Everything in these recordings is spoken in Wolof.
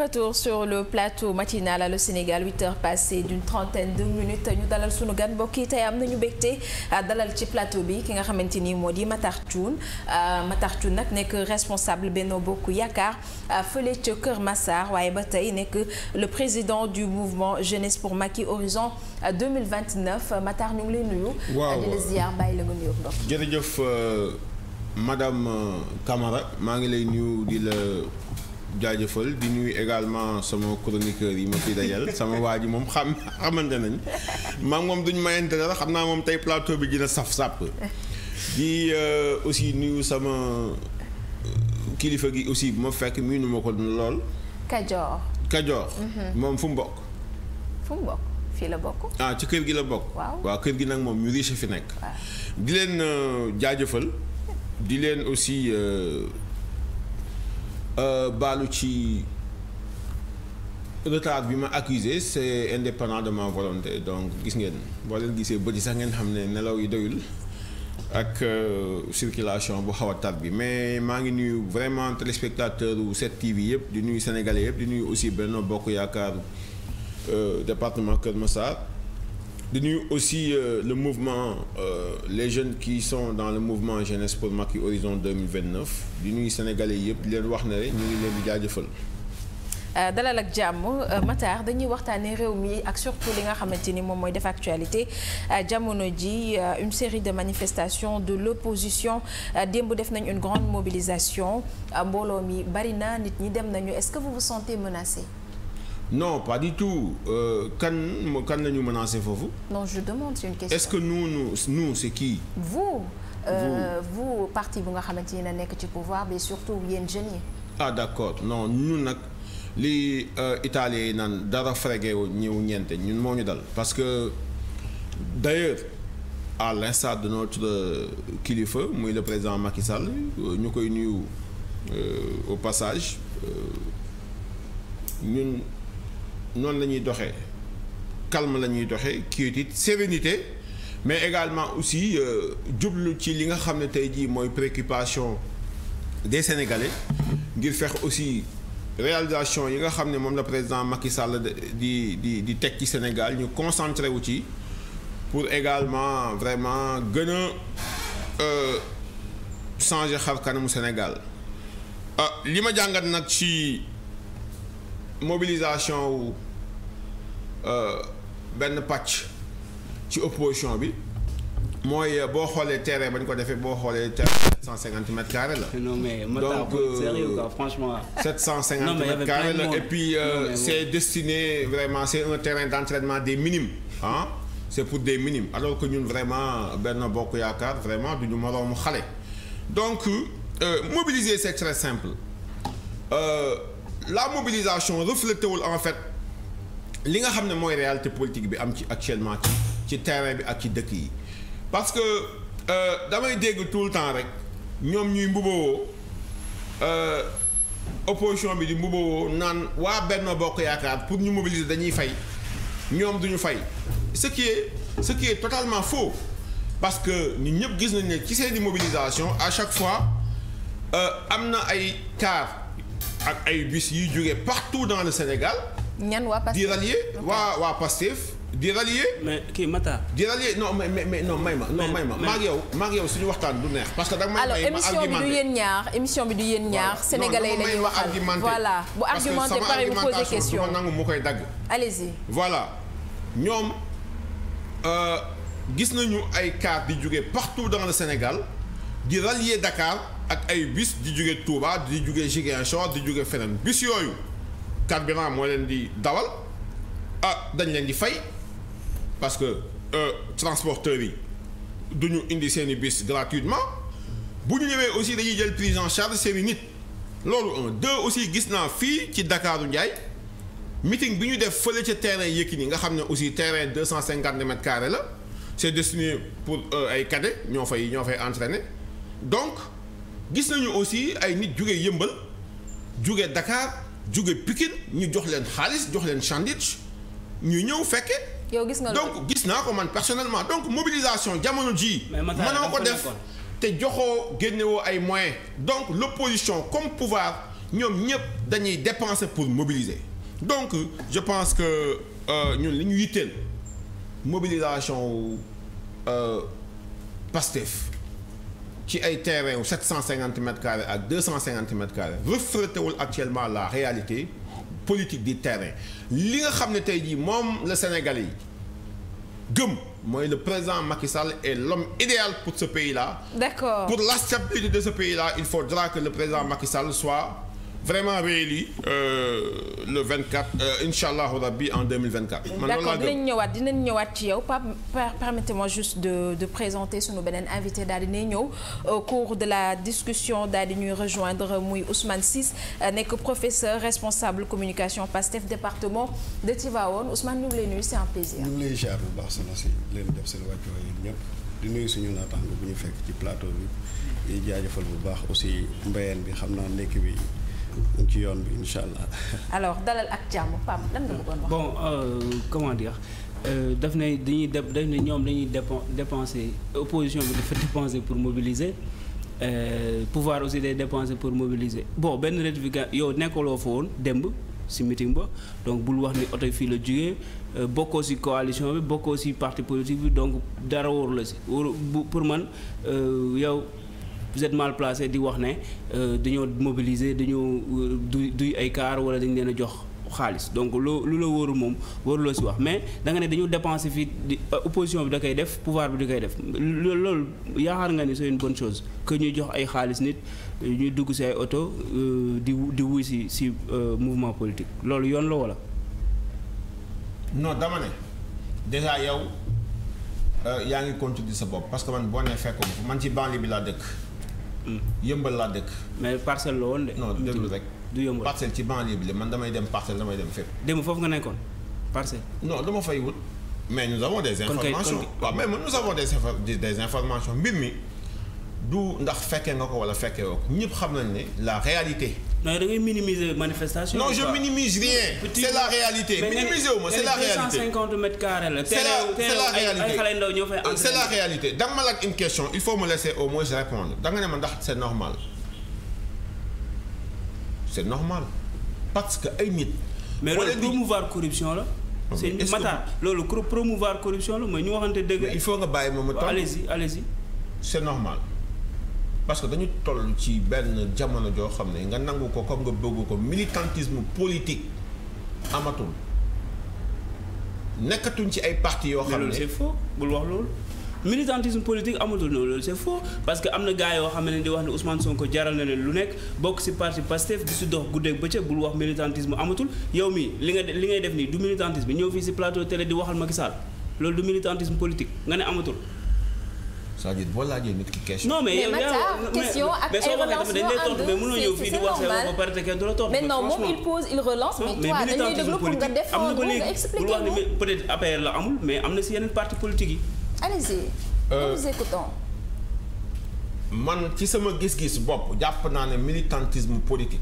retour sur le plateau matinal Allô Sénégal 8 heures passées d'une trentaine de minutes ñu dalal sunu gan mbokk yi tey am nañu bégte ah, dalal ci plateau bi ki nga xamante ni moo di Matar Thioune ah, Matar Thioune nag nekk responsable Benno Bokk Yaakaar ah, fële ca Kër Massar waaye ba tey nekk le président du mouvement Jeunesse pour Macky Horizon 2029 Matar ñu ngi lay nuyu. waaw di la ziar bàyyi la nga nuyu ndox. jëf euh, madame euh, Camara maa ngi lay nuyu di la. jaajëfal di nuy également sama chroniqueur yi ma fi dajal sama waa ji moom xam xamante nañ maam moom duñ mayante dara xam naa moom tey plateau bi dina saf sàpp di euh, aussi nuyu sama euh, kilifa gi aussi bu ma fekk miinu ma ko lool. Kajoor. Kajoor. Mhm. moom fu mu bokk. fu mu bokk fii la bokk. ah ci kër gi la bokk. waaw waaw kër gi nag moom ñu riche fi nekk. di leen euh, jaajëfal di leen aussi. Euh, baalu ci retard bi ma accusé c'est indépendant de volonté donc gis ngeen boo leen gisee bëri sax ngeen xam ne nelaw yi doyul ak euh, circulation bu xaw a tar bi mais maa ngi nuyu vraiment téléspectateur u 7TV yëpp di nuyu sénégalais yëpp di nuyu aussi Benno Bokk Yaakaar euh, département Kër Massar di nuyu aussi euh, le mouvement euh, les jeunes qui sont dans le mouvement jeunesse pour Macky Horizon 2029 di nuyu sénégalais yëpp di leen wax ne rek ñu ngi leen jaajëfal. Euh, dalal ak jàmm euh, Matar dañuy waxtaanee réew mi ak surtout li nga xamante ni moom mooy def actualité jamono ji une série de manifestations de l'opposition démb def nañ une grande mobilisation mbooloo mi bari na nit ñi dem nañu est-ce que vous vous sentez menacé. non pas du tout euh, kan kan la ñu menacé foofu. non je demande c'est une question. est-ce que nous nous si kii qui. Euh, vous. parti bu nga xamante ni na nekk ci pouvoir mais surtout yéen jeunes yi. ah d'accord non ñun nag li euh, italiens yi naan dara frege ñëw ñeente ñun moo ñu dal parce que d'ailleurs à l'instar de notre kilifa muy le président Macky ñu koy nuyu au passage ñun. noonu la ñuy doxee calme la ñuy doxee quiétude sérénité mais également aussi euh, jublu ci li nga xam ne tey jii mooy préoccupation des sénégalais ngir fex aussi réalisation yi nga xam ne moom la président Macky Sall di di di teg ci Sénégal ñu concentré wu ci pour également vraiment gën a euh, changer xar kanamu Sénégal ah li ma jàngat nag ci. mobilisation wu euh, benn pàcc ci opposition bi mooy euh, boo xoolee terrain ba ñu ko defee boo xoolee terrain 750 mètres carrés la. non mais donc euh, sérieux quoi franchement. 750 mètres carrés la et puis c'est destiné vraiment c'est un terrain d'entraînement des minimes ah c'est pour des minimes alors que ñun vraiment benn Bokk Yaakaar vraiment ñu moroomu xale donc mobiliser c'est très simple. la mobilisation reflété en fait li nga xam ne mooy réalité politique bi am ci actuellement ci ci terrain bi ak ci dëkk yi parce que euh, damay dégg tout le temps rek ñoom ñuy mbubawoo euh, opposition bi di mbubawoo naan waa benn Bokk Yaakaar pour ñu mobiliser dañuy fay ñoom duñu fay ce qui est ce qui est parce que ñu ñëpp gis nañ ne ci seen i mobilisation à chaque fois euh, am na ay car ak ay bis yuy jógee partout dans le Sénégal. ñan waa Pastef di rallier waa waa Pastef di rallier. mais kii Matar. di rallier non mais mais may ma non may ma maa ngi yow maa ngi yow suñu waxtaan du neex. parce que da nga may ma argumenté alors émission bi du yéen ñaar émission bi du yéen ñaar. sénégalais la ñuy waxal voilà bu argumenté pare mu posé question parce ma nangu mu koy dagg. allez-y voilà ñoom euh, gis nañu ay cars di jógee partout dans le Sénégal di rallier Dakar. ak ay bis di jóge Touba di jóge Ziguinchor di jóge feneen bis yooyu carburant moo leen di dawal ah dañ leen di fay parce que euh, transporteurs yi du ñu indi seen i bis gratuitement bu ñu ñëwee aussi dañuy jël prise en charge seen i nit loolu un deux aussi gis naa fii ci Dakaaru Njaay meeting bi ñu def fële ca terrain Yékini nga xam ne aussi terrain deux cent cinquante mètres la c'est destiné pour euh, ay cadets ñoo fay ñoo fay entraîner donc gis nañu aussi ay nit jóge yëmbal jóge Dakar jóge Pikine ñu jox leen xaalis jox leen sandwich ñu ñëw fekke gis nga donc gis naa ko man personnellement donc mobilisation jamono jii mënoo ko def te joxoo génnewoo ay moyens donc l'opposition comme pouvoir ñoom ñëpp dañuy dépenser pour mobiliser donc je pense que euh, ñu li ñu yitteel mobilisation euh, Pastef ci ay terrain wu 750 mètres carrés ak 250 mètres carrés reflété wul actuellement la réalité politique du terrain li nga xam ne tey jii moom la sénégal yi gëm mooy le président Macky Sall est l'homme idéal pour ce pays-là. D'accord. Pour la stabilité de ce pays-là il faudra que le président Macky Sall soit. vraiment réélu euh, le 24 incha allahu rabbi en 2024. man loolu laa gëm d'accord dinañ ñëwaat dinañ ñëwaat ci yow Pape permettez-moi juste de de présenter sunu beneen invité daal di ñëw euh, au cours de la discussion daal di ñuy rejoindre muy Ousmane Ciss euh, nekk professeur responsable communication PASTEF département de Tivaouane Ousmane ñu ngi lay nuyu c'est un plaisir. ñu ngi lay ziar bu baax soxna si leen def seen wàccuwaay yéen ñëpp di nuyu suñu naataango bu ñu fekk ci plateau bi di jaajëfal bu baax aussi mbayeen bi xam naa nekk bi. ci yoon bi incha allah. alors dalal ak jàmm Pam lan nga bëggoon wax. bon euh, comment dire euh, dañuy def daf ñoom dañuy dépenser opposition bi dafa dépenser pour mobiliser. Euh, pouvoir aussi day dépenser pour mobiliser bon benn rectification yow nekkaloo fa woon démb ci meeting ba donc bul wax ni oto fii la jugee euh, bokkoo ci coalition bi bokkoo ci parti politique bi donc dara wóoru la ci wóoru pour man euh, yow. vous êtes di wax ne euh, dañoo mobiliser dañoo euh, du duy ay car wala dañ leen a jox xaalis donc loo lu la wóoru moom wóoruloo si wax mais da nga ne dañu dépenser fii di euh, opposition bi da koy def pouvoir bi da koy def loolu yaakaar nga ni c'est une chose que ñuy jox ay xaalis nit ñuy dugg si ay oto di di wuy si si mouvement politique loolu yoon la wala. non dama ne déjà yow yaa ngi continuer sa bopp parce que man boo nee fekkoon man ci banlieue bi laa dëkk. yëmbal laa dëkk. mais parcelle la woon de. non déglu rek. du yëmbal parcelle ci banlieue bi la man damay dem parcelle damay dem fépp. démb foofu nga nekkoon parcelle. non dama fay wut. mais nous avons des informations waaw mais nous avons des infor des informations mbir mi du ndax fekkee nga ko wala fekkee woo ko ñëpp xam nañ ne la réalité. non da ngay minimiser manifestation. non je minimise rien. c'est la réalité minimiser wu ma c'est la réalité 250 mètres carrés la. c'est la c'est la réalité euh, c'est la réalité da ma laaj une question il faut me laisser au moins répondre da nga ne ma ndax c'est normal c'est normal parce que ay nit. mais loolu promouvoir corruption la. seen mataar loolu promouvoir corruption la mooy ñu waxante dëgg. il faut nga bàyyi moom ma toog allez-y allez-y. c'est normal. parce que dañu toll ci benn jamono joo xam ne nga nangu ko comme nga bëgg ko militantisme politique amatul nekkatuñ ci ay parti yoo xam ne c'est faux bul wax loolu militantisme politique amatul na loolu c'est faux parce que am na gars yoo xam ne di wax ne Ousmane Sonko jaral na leen lu nekk bokk ci parti Pastef di ci dox guddeeg bëccëg bul wax militantisme amatul yow mi li nga li ngay def nii du militantisme ñëw fii ci plateau télé di waxal Macky Sall loolu du militantisme politique nga ne amatul c'est-à-dire boo laajee nit ki question. non mais yow question ak ay relations ànd mais non moom il pose il relance. mais toi dañuy déglu pour nga défendre nga euh, man ci sama gis-gis bopp jàpp naa ne militantisme politique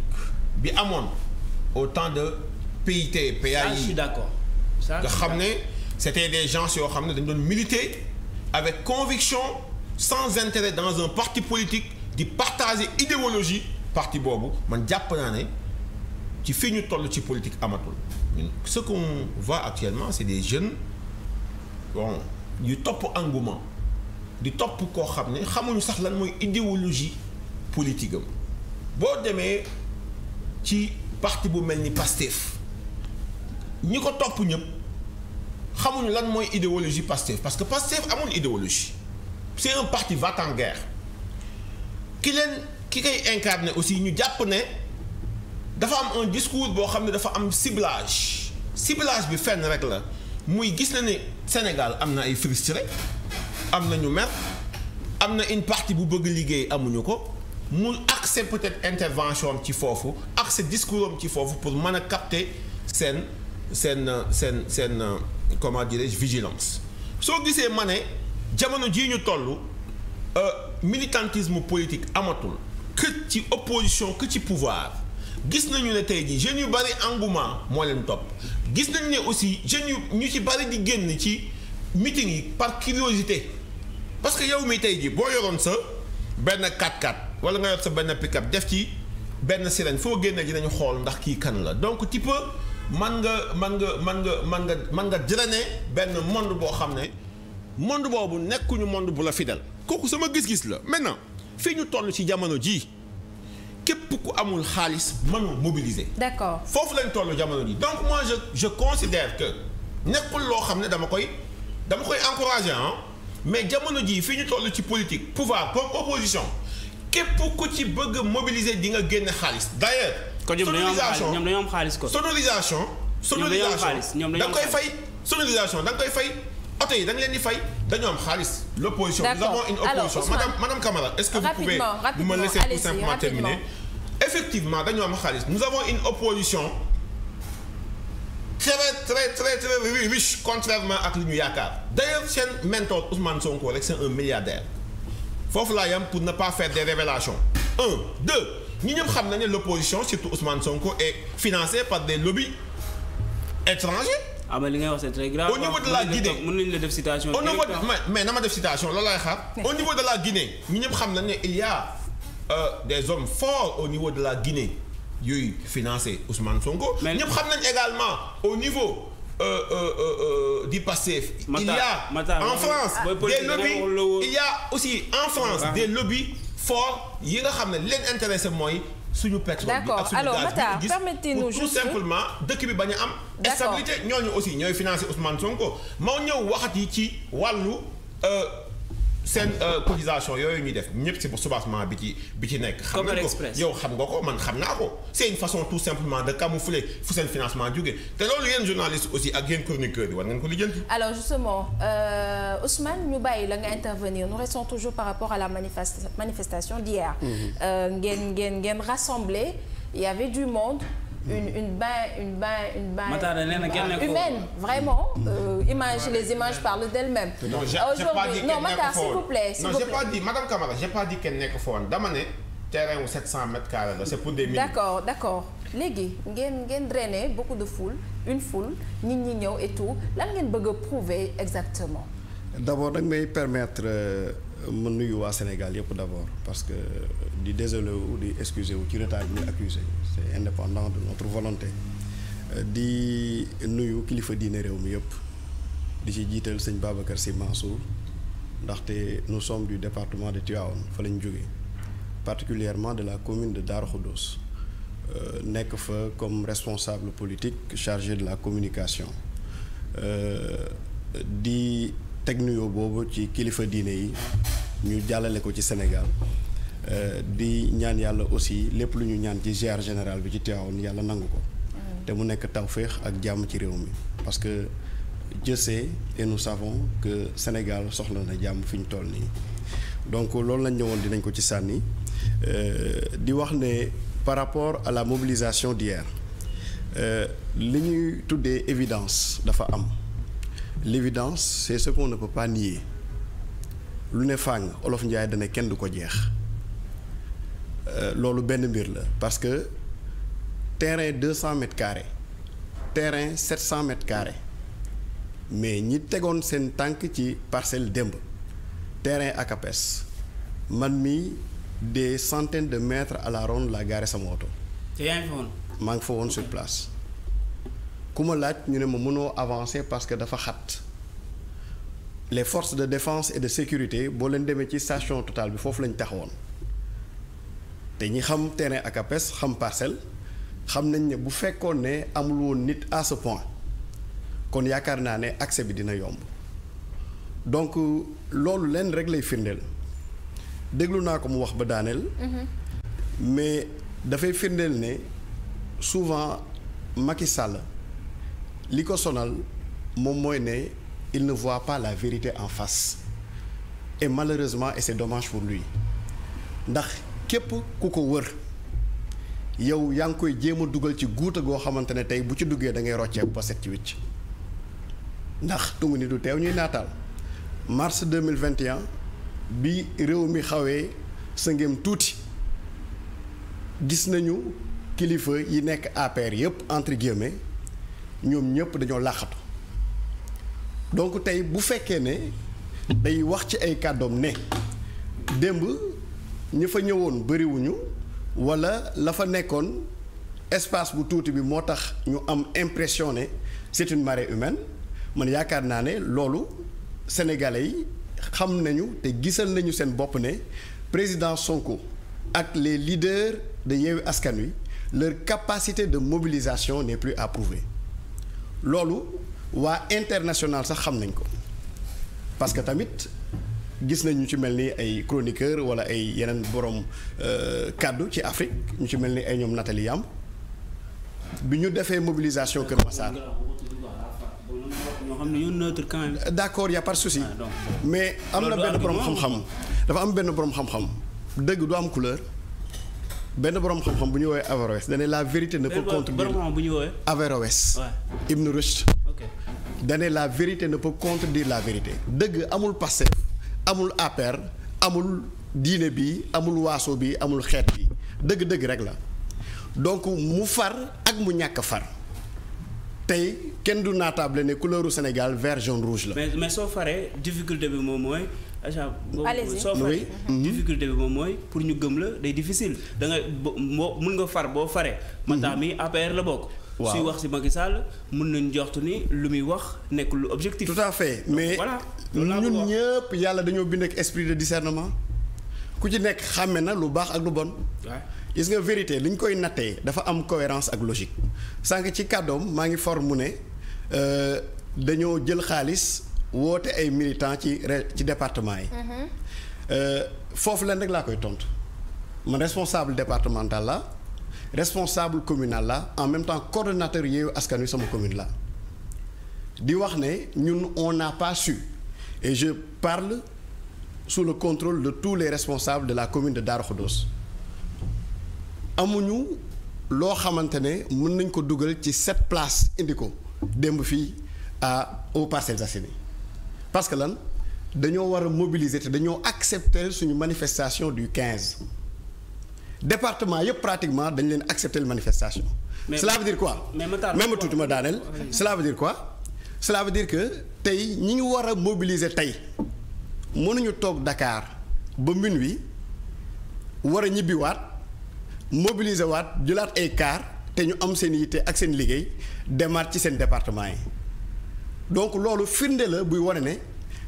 bi amoon au temps de PIT PAI. ça je suis d'accord. nga xam ne c'était des gens yoo xam ne dañ doon militer. avec conviction sans intérêt dans un parti politique di partager idéologie parti boobu man jàpp naa ne ci fi ñu toll ci politique amatul ñun ce qu'on voit actuellement c'est des jeunes bon yu topp engouement di topp koo xam ne xamuñu sax lan mooy idéologie politique am boo demee ci parti bu mel ni Pastef ñi ko topp ñëpp xamuñu lan mooy idéologie Pastef parce que Pastef amul idéologie c'est un parti va t guerre ki leen ki koy incarné aussi ñu jàpp ne dafa am un discours boo xam ne dafa am ciblage siblage bi fenn rek la muy gis na ni Sénégal am na ay frustré am na ñu mer am na une partie bu bëgg liggéey amuñu ko mu accès peut-être intervention ci foofu accès discours am ci foofu pour mën a capter seen seen seen seen comment dirais-je vigilance soo gisee ma ne jamono jii ñu toll euh, militantisme politique amatul que ci opposition que ci pouvoir gis nañu ne tey jii jeunes yu bari engouement moo leen topp gis nañu ne aussi jeunes yu ñu ci bari di génn ci meeting yi par curiosité parce que yow mi tey jii boo yoroon sa benn 4x4 wala nga yor sa benn pick def ci benn sirène foo génne dinañu xool ndax kii kan la donc tu man nga man nga man nga man nga man nga drainer benn monde boo xam ne monde boobu nekkuñu monde bu la fidèle kooku sama gis-gis la maintenant fii ñu toll ci jamono jii képp ku amul xaalis mënul mobiliser. d'accord foofu lañ toll jamono ji donc mois je je considère que nekkul loo xam ne dama koy dama koy encourager mais jamono jii fii ñu toll ci politique pouvoir comme opposition képp ku ci bëgg mobiliser di nga génne xaalis d'ailleurs kon ñoom dañoo am xaalis ñoom sonorisation sonorisation ñoom da koy fay sonorisation da koy fay oto yi da leen di fay dañoo am xaalis l'opposition nous avons une opposition madame madame Camara est-ce que vous pouvez vous me laisser tout simplement terminer effectivement dañoo am xaalis nous avons une opposition très très très très riche contrairement ak li ñu yaakaar d'ailleurs seen mentor Ousmane Sonko rek c'est un milliardaire foofu laa yam pour ne pas faire des révélations un deux ñi ñëpp xam nañ ne l'opposition surtout Ousmane Sonko est financée par des lobbies étrangers. ah mais li ngay wax c'est très grave. au niveau de la Guinée mën nañ la def citation. au niveau mais na ma def citation au niveau de la Guinée ñi ñëpp xam nañ ne il y euh, des hommes forts au niveau de la Guinée yuy financé Ousmane Sonko. mais ñëpp xam nañ également au niveau. di euh, euh, euh, euh il y a Mata, en France ah, des lobbies il y aussi en France ah. des lobbies. fort yi nga xam ne li leen intéressé mooy suñu pétrole bi ak suñu gaz bi permettez simplement dëkk bi ba ñu am. ñoo ñooñu aussi ñooy financé Ousmane ko moo ñëw waxat yi ci wàllu. Euh, seen euh, cotisation yooyu ñuy def ñëpp si soubassement bi ci bi ci nekk. xam nga ko yow xam nga ko man xam naa ko. c'est une façon tout simplement de camoufler fu seen financement jóge te loolu yéen journaliste aussi ak yéen chroniqueur yi war ngeen ko lijjanti. alors justement euh, Ousmane ñu bàyyi la nga intervenir nous restons toujours par rapport à la manifestation d'hier. Mm-hmm. Euh, ngeen ngeen ngeen rassemblé il y avait du monde. une une bain une bain une bain. humaine vraiment. Euh, image les images parlent delles non j'ai s'il vous plaît. s'il vous plaît madame Camara j'ai pas dit kenn nekk foon dama ne. terrain wu 700 mètres carrés la c'est pour des. milliers d'accord d'accord léegi ngeen ngeen drainer beaucoup de foule une foule nit ñi ñëw et tout lan ngeen bëgg a prouver exactement. d'abord da ngay permettre. Euh, ma nuyu waa Sénégal yëpp d' abord parce que di désolé wu di excusé wu ci retard bi ñu accusé c' est indépendant de notre volonté di nuyu kilifa diine réew mi yëpp di ci jiital sëñ Babacar Sy Mansour ndaxte nu sommes du département de Tivaouane fa la ñu jógee particulièrement de la commune de Darou Khoudoss euh, nekk fa comme responsable politique chargé de la communication euh, di. teg nuyoo boobu ci kilifa diine yi ñu jàllale ko ci Sénégal euh, di ñaan yàlla aussi lépp lu ñu ñaan ci ziar général bi ci Tivaouane yàlla nangu ko te mu nekk tawféex ak jàmm ci réew mi parce que je sais savon nous que Sénégal soxla na jàmm fi ñu toll nii donc loolu lañ ñëwoon dinañ ko ci sànni euh, di wax ne par rapport à la mobilisation d'hier euh, li ñuy tuddee évidence dafa am l'évidence c'est ce qu'on ne peut lu ne fàng olof njaay dana kenn du ko jeex euh, loolu benn mbir la parce que terrain deux cent mètres carrés terrain sept cent mètres carrés mais ñi tegoon seen tànk ci parcelle démb terrain akapes man mi de centaines de mètres à la ronde la gaare sama oto. te fa woon. maa ku ma laaj ñu ne ma mënoo avancer parce que dafa xat les forces de défense et de sécurité boo leen demee ci station totale bi foofu lañu taxawoon te ñi xam terrain ak APES xam parcelle xam nañ ne bu fekkoon ne amul woon nit à ce point kon yaakaar naa ne accès bi dina yomb donc loolu leen rek lay firndeel déglu naa ko mu wax ba daaneel. Mhm. mais dafay firndeel ne souvent Macky Sall. li ko sonal moom mooy ne il ne voit pas la vérité en face et malheureusement et c'est domage pour lui ndax képp ku ko wër yow yaa ngi koy jéem a dugal ci guuta goo xamante ne tey bu ci duggee da ngay roccee ba set ci wicc ndax tungu ni du teew ñuy naataal mars 2021 bi réew mi xawee sa ngéem tuuti gis nañu kilifa yi nekk APR yëpp entre guillemets ñoom ñëpp dañoo làqatu donc tey bu fekkee ne day wax ci ay kàddoom ne démb ñi fa ñëwoon bëriwuñu wala la fa nekkoon espace bu tuuti bi moo tax ñu am impression ne c'est une marée humaine man yaakaar naa ne loolu sénégalais yi xam nañu te gisal nañu seen bopp ne président Sonko ak les leaders de Yewwi Askan Wi leur capacité de mobilisation n'est plus à loolu waa international sax xam nañ ko parce que tamit gis nañ ñu ci mel ni ay chroniqueur wala ay yeneen borom euh, kàddu ci Afrique ñu ci mel ni ay ñoom Nathalie Yam bi ñu defee mobilisation Kër Massar. d'accord y a pas de ah, mais am na benn borom xam-xam dafa am benn borom xam-xam dëgg du am couleur. benn borom xam-xam bu ñu woowee Averroès dane la vérité ne peut contredire Averroès Ibn Rushd dane la vérité ne peut contredire la vérité dëgg amul Pastef amul APR amul diine bi amul waaso bi amul xeet bi dëgg-dëgg rek la donc mu far ak mu ñàkk far tey kenn du naataable ne couleuru Sénégal vert jaune rouge la soo faree difficulté moom mooy achat boobu soo faree mm-hmm. difficulté bi moom mooy pour ñu gëm la day difficile da nga boo mun nga far boo faree mm-hmm. mataa mi APR la bokk waaw suy wax si Macky Sall mën nañ joxtu ni lu muy wax nekk lu objectif tout à fait mais ñun ñëpp yàlla dañoo bind ak esprit de discernement ku ci nekk xàmme na lu baax ak lu bon gis nga vérité li ñu koy nattee dafa am cohérence ak logique sànq ci kàddoom maa ngi for mu ne euh, dañoo jël xaalis woote ay militants ci ci département yi. Mm-hmm. Euh, foofu leen rek laa koy tontu man responsable départemental la responsable communal la en même temps coordonnateur Yewwi Askan Wi sama commune la di wax ne ñun on n'a pas su et je parle sous le contrôle de tous les responsables de la commune de Darou Khoudoss amuñu loo xamante ne mën nañ ko dugal ci sept place indi ko démb fii a aux Parcelles Assainies parce que lan dañoo war a mobiliser te dañoo accepter suñu manifestation du quinze département yëpp pratiquement dañ leen accepter manifestation. mais cela veut dire quoi. mais même tuuti ma daaneel. cela veut dire quoi. cela veut que tey ñi ngi war a mobiliser tey mënuñu toog Dakar ba minuit war a ñibbiwaat mobiliser waat jëlaat ay car te ñu am seen yitte ak seen liggéey demaat ci seen département yi. donc loolu firnde la buy wane ne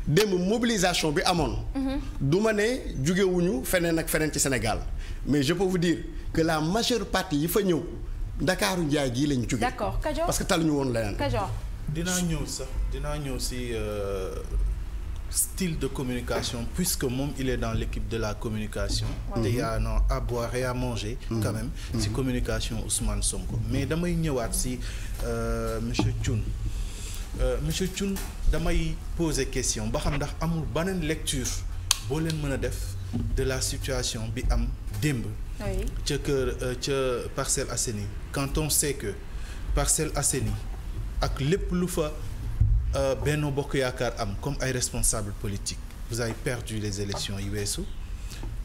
démb mobilisation bi amoon. Mhm. du ma ne jugewuñu feneen ak feneen ci Sénégal mais je peux vous dire que la majeure partie yi fa ñëw ndakaaru njaay gii lañ jóge. d'accord Kajoor parce que ñu woon leneen. Kajoor dinaa ñëw sax dinaa ñëw si. Euh, style de communication puisque moom il est dans l'équipe de la communication te ouais. y a non à boire et à manger mmh. quand si mm-hmm. communication Ousmane Sonko mais damay ñëwaat si euh, monsieur Thioune Euh, monsieur Thioune damay poser question ba xam ndax amul beneen lecture boo leen mën a def de la situation bi am démb. ca kër euh, ca Parcelles Assainies quand on sait que Parcelles Assainies ak lépp lu fa euh, Benno Bokk Yaakaar am comme ay responsables politiques vous avez perdu les élections yi weesu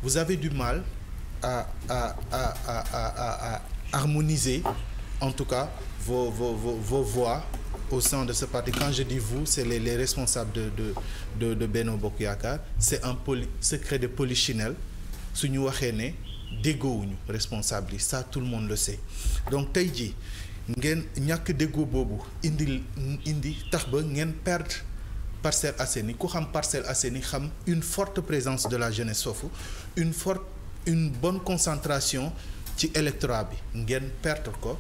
vous avez du mal à à à à à harmoniser en tout cas vos vos vos au sein de ce parti quand je dis vous c'est les, les responsables de de de de Benno Bokk Yaakaar c'est un poli secret de polichinelle su ñu waxee ne déggoowuñu responsable yi ça tout le monde le sait donc tey jii ngeen ñàkk déggoo boobu indi indi tax ba ngeen perdre Parcelles Assainies ku xam parcelle Parcelles Assainies xam une forte présence de la jeunesse foofu une forte une bonne concentration ci électorat bi ngeen perdre ko.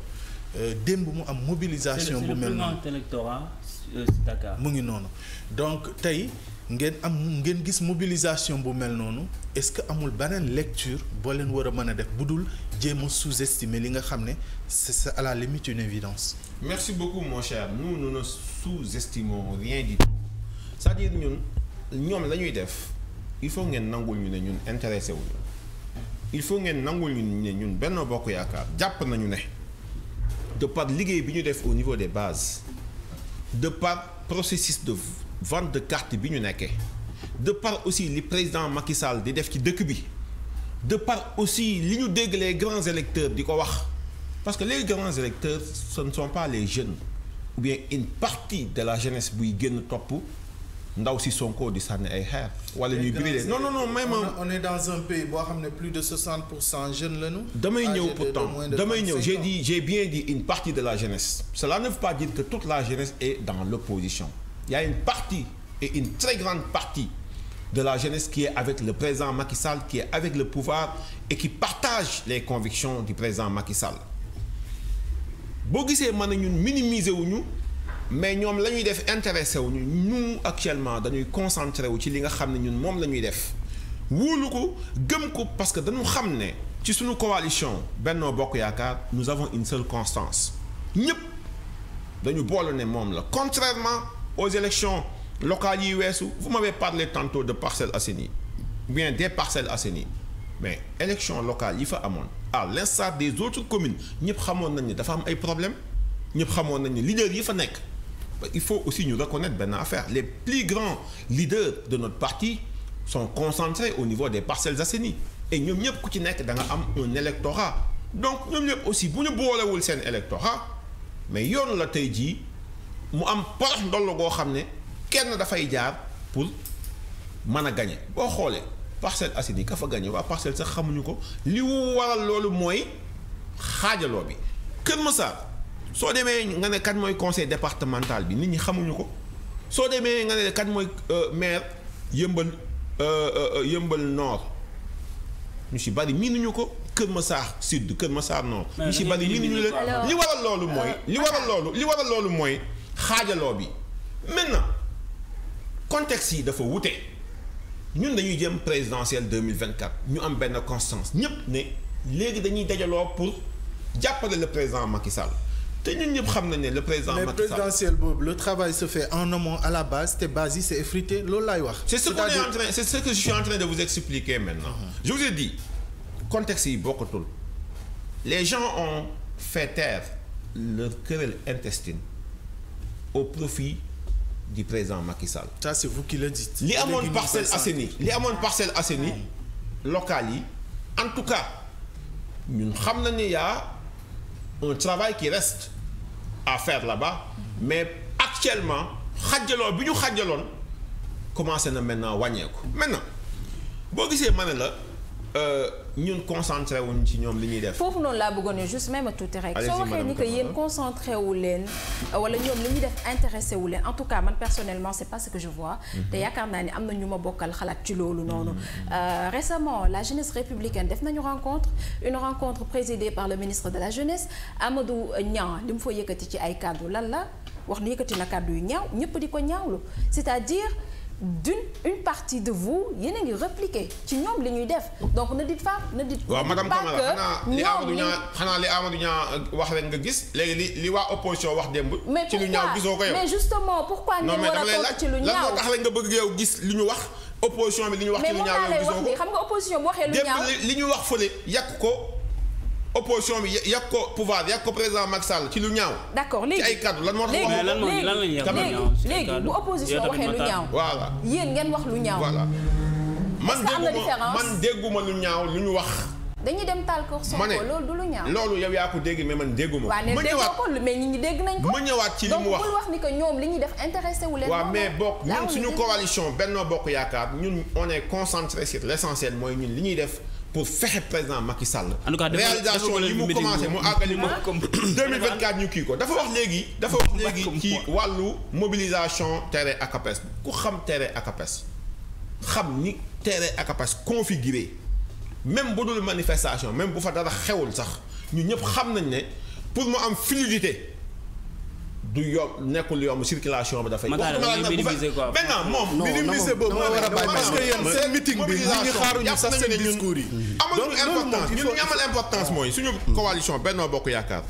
Euh, démb mu am mobilisation. bu mel noonu euh, c'est mu ngi noonu donc tey ngeen am ngeen gis mobilisation bu mel noonu est-ce que amul beneen lecture boo leen war a mën a def bu dul jéem a sous-estimer li nga xam ne c'est à la limite une évidence. merci beaucoup mon cher nous nous ne sous-estimons rien du tout cest à ñun ñoom la ñuy def il faut ngeen nangul ñu ne ñun intéressé wuñu il faut ngeen nangul ñu ne ñun Benno Bokk Yaakaar jàpp nañu ne. de par liggéey bi ñu def au niveau des bases de par processus de vente de carte bi ñu nekkee de par aussi li président Macky Sall di def ci dëkk bi de par aussi li ñu dégg les grands électeurs di ko wax parce que les grands électeurs ce ne sont les jeunes ou bien une partie de la jeunesse buy génn topp ndaw si Sonko di sànni ay xeer. wala ñuy brûler non non non même on est dans un pays boo xam ne plus de 60 pour cent jeunes lañu. damay ñëw pourtant damay ñëw j'ai dit j'ai bien dit une partie de la jeunesse. cela ne veut pas dire que toute la jeunesse est dans l'opposition il y a une partie et une très grande partie de la jeunesse qui est avec le président Macky Sall qui est avec le pouvoir et qui partage les convictions du président Macky Sall boo gisee mën na ñun minimiser wuñu mais ñoom la ñuy def intéressé wu ñu ñu actuellement dañuy concentré wu ci li nga xam ne ñun moom la ñuy def wóolu ko gëm ko parce que dañu xam ne ci suñu coalition Benno Bokk Yaakaar nous avons une seule constance ñëpp dañu boole ne moom la contrairement aux élections locales yi weesu vous m'avez parlé tantôt de Parcelles Assainies bien des Parcelles Assainies mais élection locale yi fa amoon à l'instar des autres communes ñëpp xamoon nañ ni dafa am ay ñëpp xamoon nañ ne leader yi fa nekk il faut aussi ñu reconnaître benn affaire les plus grands leaders de notre parti sont concentrés au niveau des Parcelles Assainies et ñoom ñëpp ku ci nekk danga am un électorat donc ñoom ñëpp aussi bu ñu boolewul seen électorat mais yoon la tey jii mu am porox ndoll goo xam ne kenn dafay jaar pour mën a gañe boo xoolee Parcelles Assainies ka fa gañe waa Parcelles sax xamuñu ko li waral loolu mooy xaajaloo bi Kër masaa soo demee nga ne kan mooy conseil départemental bi nit ñi xamuñu ko soo demee nga ne kan mooy euh, maire yëmbal euh, euh, yëmbal nord ñu si bari miinuñu ko Kër Masar sud Kër Masar nord. ñu si bari miinuñu leen li waral loolu mooy. li waral loolu li waral loolu mooy xaajaloo bi na contexte yi dafa wute ñun dañuy jëm présidentielle 2024 ñu am benn constance ñépp ne léegi dañuy dajaloo pour jàppale la président Macky Sall. te ñun ñëpp xam nañ ne le président Macky Sall mais présidentiel boobu le travail se fait en amont à la base te base yi c'est effrité loolu laay wax. c'est ce qu'on est en train que je suis en train de vous expliquer mm-hmm. je vous ai dit contexte yi bokkatul les gens ont fait taire leur querelle intestine au profit du président Macky Sall. ça c'est vous qui le dites. amoon Parcelles Assainies li amoon Parcelles Assainies mm-hmm. locales yi en tout cas ñun xam nañ ne y un travail qui reste. à la ba mais actuellement xajaloo bi ñu xajaloon commencé na maintenant wàññeeku na boo gisee ma la. Euh, ñun concentré wuñ ci ñoom li ñuy def. foofu noonu laa bëggoon ne juste ma tuuti rek. soo waxee ni que yéen concentré wu leen wala ñoom li ñuy def intéressé wu leen en tout cas man personnellement c'est pas ce que je vois. Mhm. te yaakaar naa ni am na ñu ma bokkal xalaat ci loolu noonu. Mhm. Euh, récemment la jeunesse républicaine def nañu rencontre une rencontre présidée par le ministre de la jeunesse Amadou Niang li mu fa yëkkati ci ay kàddu lan la wax ni yëkkati na kàddu yu ñaaw ñëpp di ko ñaawlu c'est-à-dire. d'une une partie de vous yéen a ngi répliquer ci ñoom li ñuy def donc ne dites pas ne dites pas que waaw madame Camara xanaa li Amadou euh, wax lañ nga gis léegi li li waa opposition wax démb ci lu ñaaw gisoo ko yow mais justement pourquoi ngeen war a toog ci lu ñaaw lan tax rek nga bëgg yow gis li ñu wax opposition bi li ñu wax ci lu ñaaw yow gisoo ko mais xam nga opposition bu waxee lu ñaaw li ñu wax fële yàq ko opposition bi yàq ko pouvoir yàq ko président Macky Sall ci lu ñaaw. d' accord léegi ci ay kaddu lan moo tax. mais lan léegi bu opposition waxee lu ñaaw. voilà yéen ngeen wax lu ñaaw. man dégguma man dégguma lu ñaaw lu ñu wax. dañuy dem taal ko Sonko loolu du lu ñaaw loolu yow yaa ko dégg mais man dégguma. ma ñëwaat ko mais ñi dégg nañ ko. ma ñëwaat ci li mu wax donc wax ni que ñoom li ñuy def intéressé wu leen. waaw mais bokk ñun suñu coalition Benno Bokk Yaakaar ñun on est concentré sur l' mooy ñun li ñuy def pour fexe président Macky Sall. en tout cas réalisation yi mu commencé mu àggali ko. Ah comme 2024 ñu kii ko dafa wax léegi. dafa wax léegi ci wàllu mobilisation terrain ak APES ku xam terrain ak APES xam ni terrain ak APES configuré même bu dul manifestation même bu fa dara xewul sax ñu ñëpp xam nañ ne pour mu am fluidité. du yomb nekkul yomb circulation bi dafay. maanaam dañuy minimiser quoi maintenant moom. minimiser boobu parce que yéen seen meeting bi ñu ngi xaaruñu sax seen discours yi. donc importance suñu. Hmm. coalition Benno Bokk Yaakaar.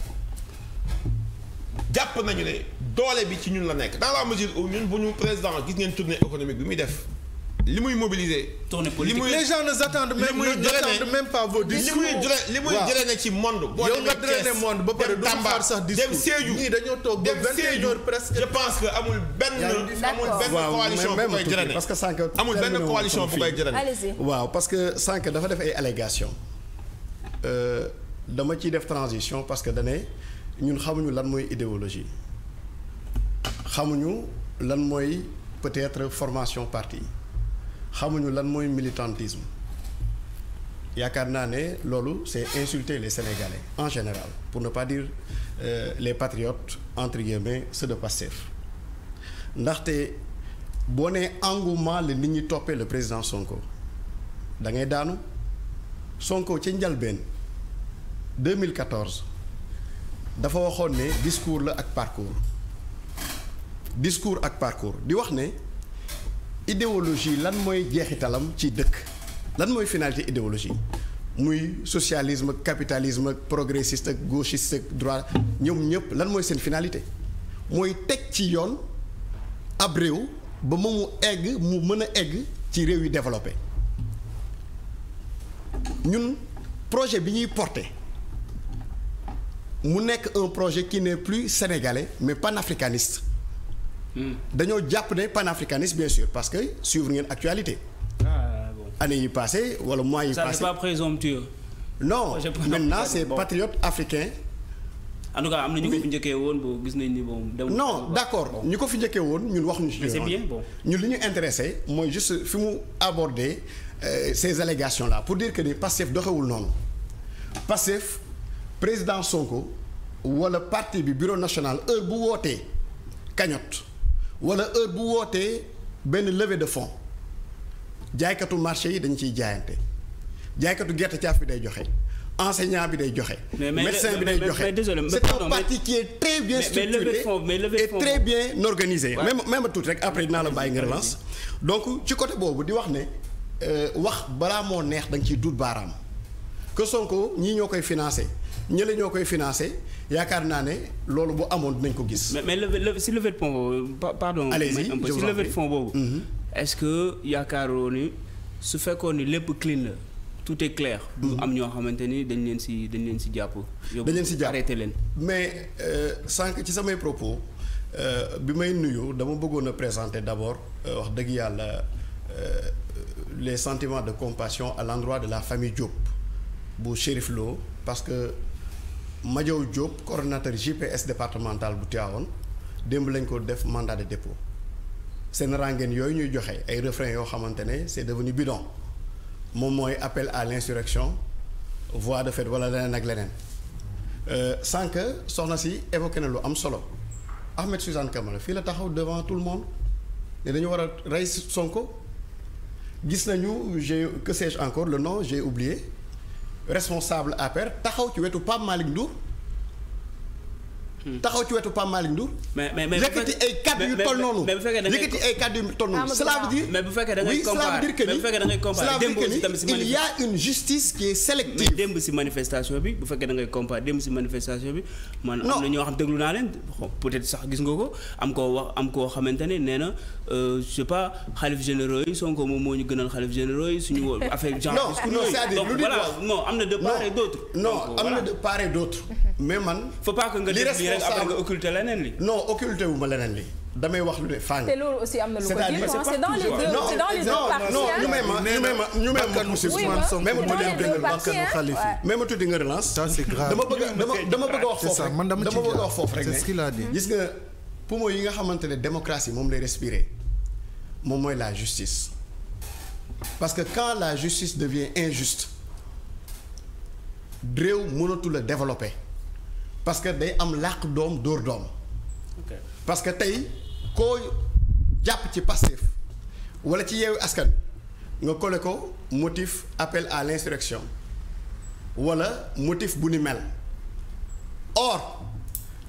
jàpp nañu ne doole bi ci ñun la nekk dans la mesure où ñun bu ñu président gis ngeen tournée économique bi muy def. li muy mobiliser. tournée politique les gens ne s'attendent même ne même pas vos discours. li muy li muy drainer ci monde. boo demee Thiès dem Tamba dem Sédhiou ñii dañoo toog ba vingt heures presque. je pense que amul benn. amul benn coalition parce que sànq. amul benn coalition bu koy drainer. waaw parce que sànq dafa def ay allégations. Euh, dama ci def transition parce que dañu ñun xamuñu lan mooy idéologie xamuñu lan mooy peut-être formation parti. xamuñu lan mooy militantisme yaakaar naa ne loolu c'est insulter les Sénégalais en général pour ne pas dire euh, les patriotes entre guillemets ceux de Pastef ndaxte boo nee engouement la nit ñi toppee le président Sonko da ngay daanu Sonko ci njalbeen 2014 dafa waxoon ne discours la ak parcours discours ak parcours di wax ne idéologie lan mooy jeexitalam ci dëkk lan mooy finalité idéologie muy socialisme ak capitalisme ak progressiste ak gauchiste ak droit ñëw ñëpp lan mooy seen finalité mooy teg ci yoon ab réew ba mu mu egg mu mën a egg ci réew yu développé ñun projet bi ñuy porté mu nekk un projet ki ne plus sénégalais mais panafricaniste Hmm. dañoo jàpp ne panafricaniste bien sûr parce que suivre ngeen actualité. anne ah, bon année yi passé wala mois yi. passé ça n'est pas présomptueux. non maintenant c'est patriote africain. am na ñu njëkkee woon gis nañ ni bon. non d'accord ñu ko fi njëkkee woon ñun wax ñu si. c'est li ñu intéressé mooy juste fi mu aborder euh, ces allégations la pour dire que ni Pastef doxewul noonu Pastef président Sonko wala partie bi bureau national heure bu wootee cagnotte. wala heure bu wootee benn levée de fonds jaaykatu marché yi dañ ciy jaayante jaaykatu gerte caaf bi day joxe enseignant bi day joxe. médecin bi day joxe c'est un parti qui est très bien structuré et très bien organisé. même même tuuti rek après dinaa la bàyyi nga relance. donc ci côté boobu di wax ne euh, wax balaa moo neex da nga ciy duut baaraam que Sonko ñii ñoo koy financé. ñële ñoo koy financé yaakaar naa ne loolu bu amoon dinañ ko gis. mais mais le si levée de fonds boobu pardon. allez-y si levée de fonds mhm. que yaakaaroo su fekkoon ni lépp clean la tout est clair. du mhm. am ñoo xamante ni dañ leen si dañ leen si jàpp. dañ leen si jàpp leen. mais euh, sànq ci samay propos euh, bi may nuyu dama bëggoon a présenter d'abord euh, wax dëgg yàlla les sentiments de compassion à l'endroit de la famille Diop bu Chérif Lo parce que. Madiaw Diop coordonnateur GPS départemental bu Tivaouane démb lañ ko def mandat de dépôt seen rangeen yooyu ñuy joxe ay refrain yoo xamante ne c'est devenu bidon moom mooy appel à l'insurrection voie de fait wala leneen ak leneen euh, sans que soxna si évoqué na lu am solo Ahmed Suzanne Camara fii la taxaw devant tout le monde ne dañu war rey Sonko gis nañu j'ai que sais encore le non j'ai oublier responsable à APR taxaw ci wetu Pape Malick Ndour Hmm. taxaw ci wetu Pape Malick mais mais mais bu fekkee da ngay yëkkati ay comparer mais bu fekkee da comparer démb a une justice qui est sélective. mais bu si manifestation bi. man am na ñoo xam déglu naa leen euh, moo ñu gënal xalif généraux yi suñu affaire genre. non cest am na de part d'autre. mais man faut pas que nga rek après nga leneen li. non occulter wu ma leneen li. damay wax lu ne fang. te am na lu ko dire c'est dans les deux c'est dans les deux parties. non dama bëgg dama bëgg a wax foofu rek dama bëgg a wax foofu rek ne gis nga poumon yi nga xamante ne démocratie moom lay respirer moom mooy la justice parce que quand la justice devient injuste réew mënatul a développer parce que day am làq doom dóor doom parce que tey koo jàpp ci Pastef wala ci yeewu askan nga kole ko motif appel à l'insurrection wala motif bu ni mel or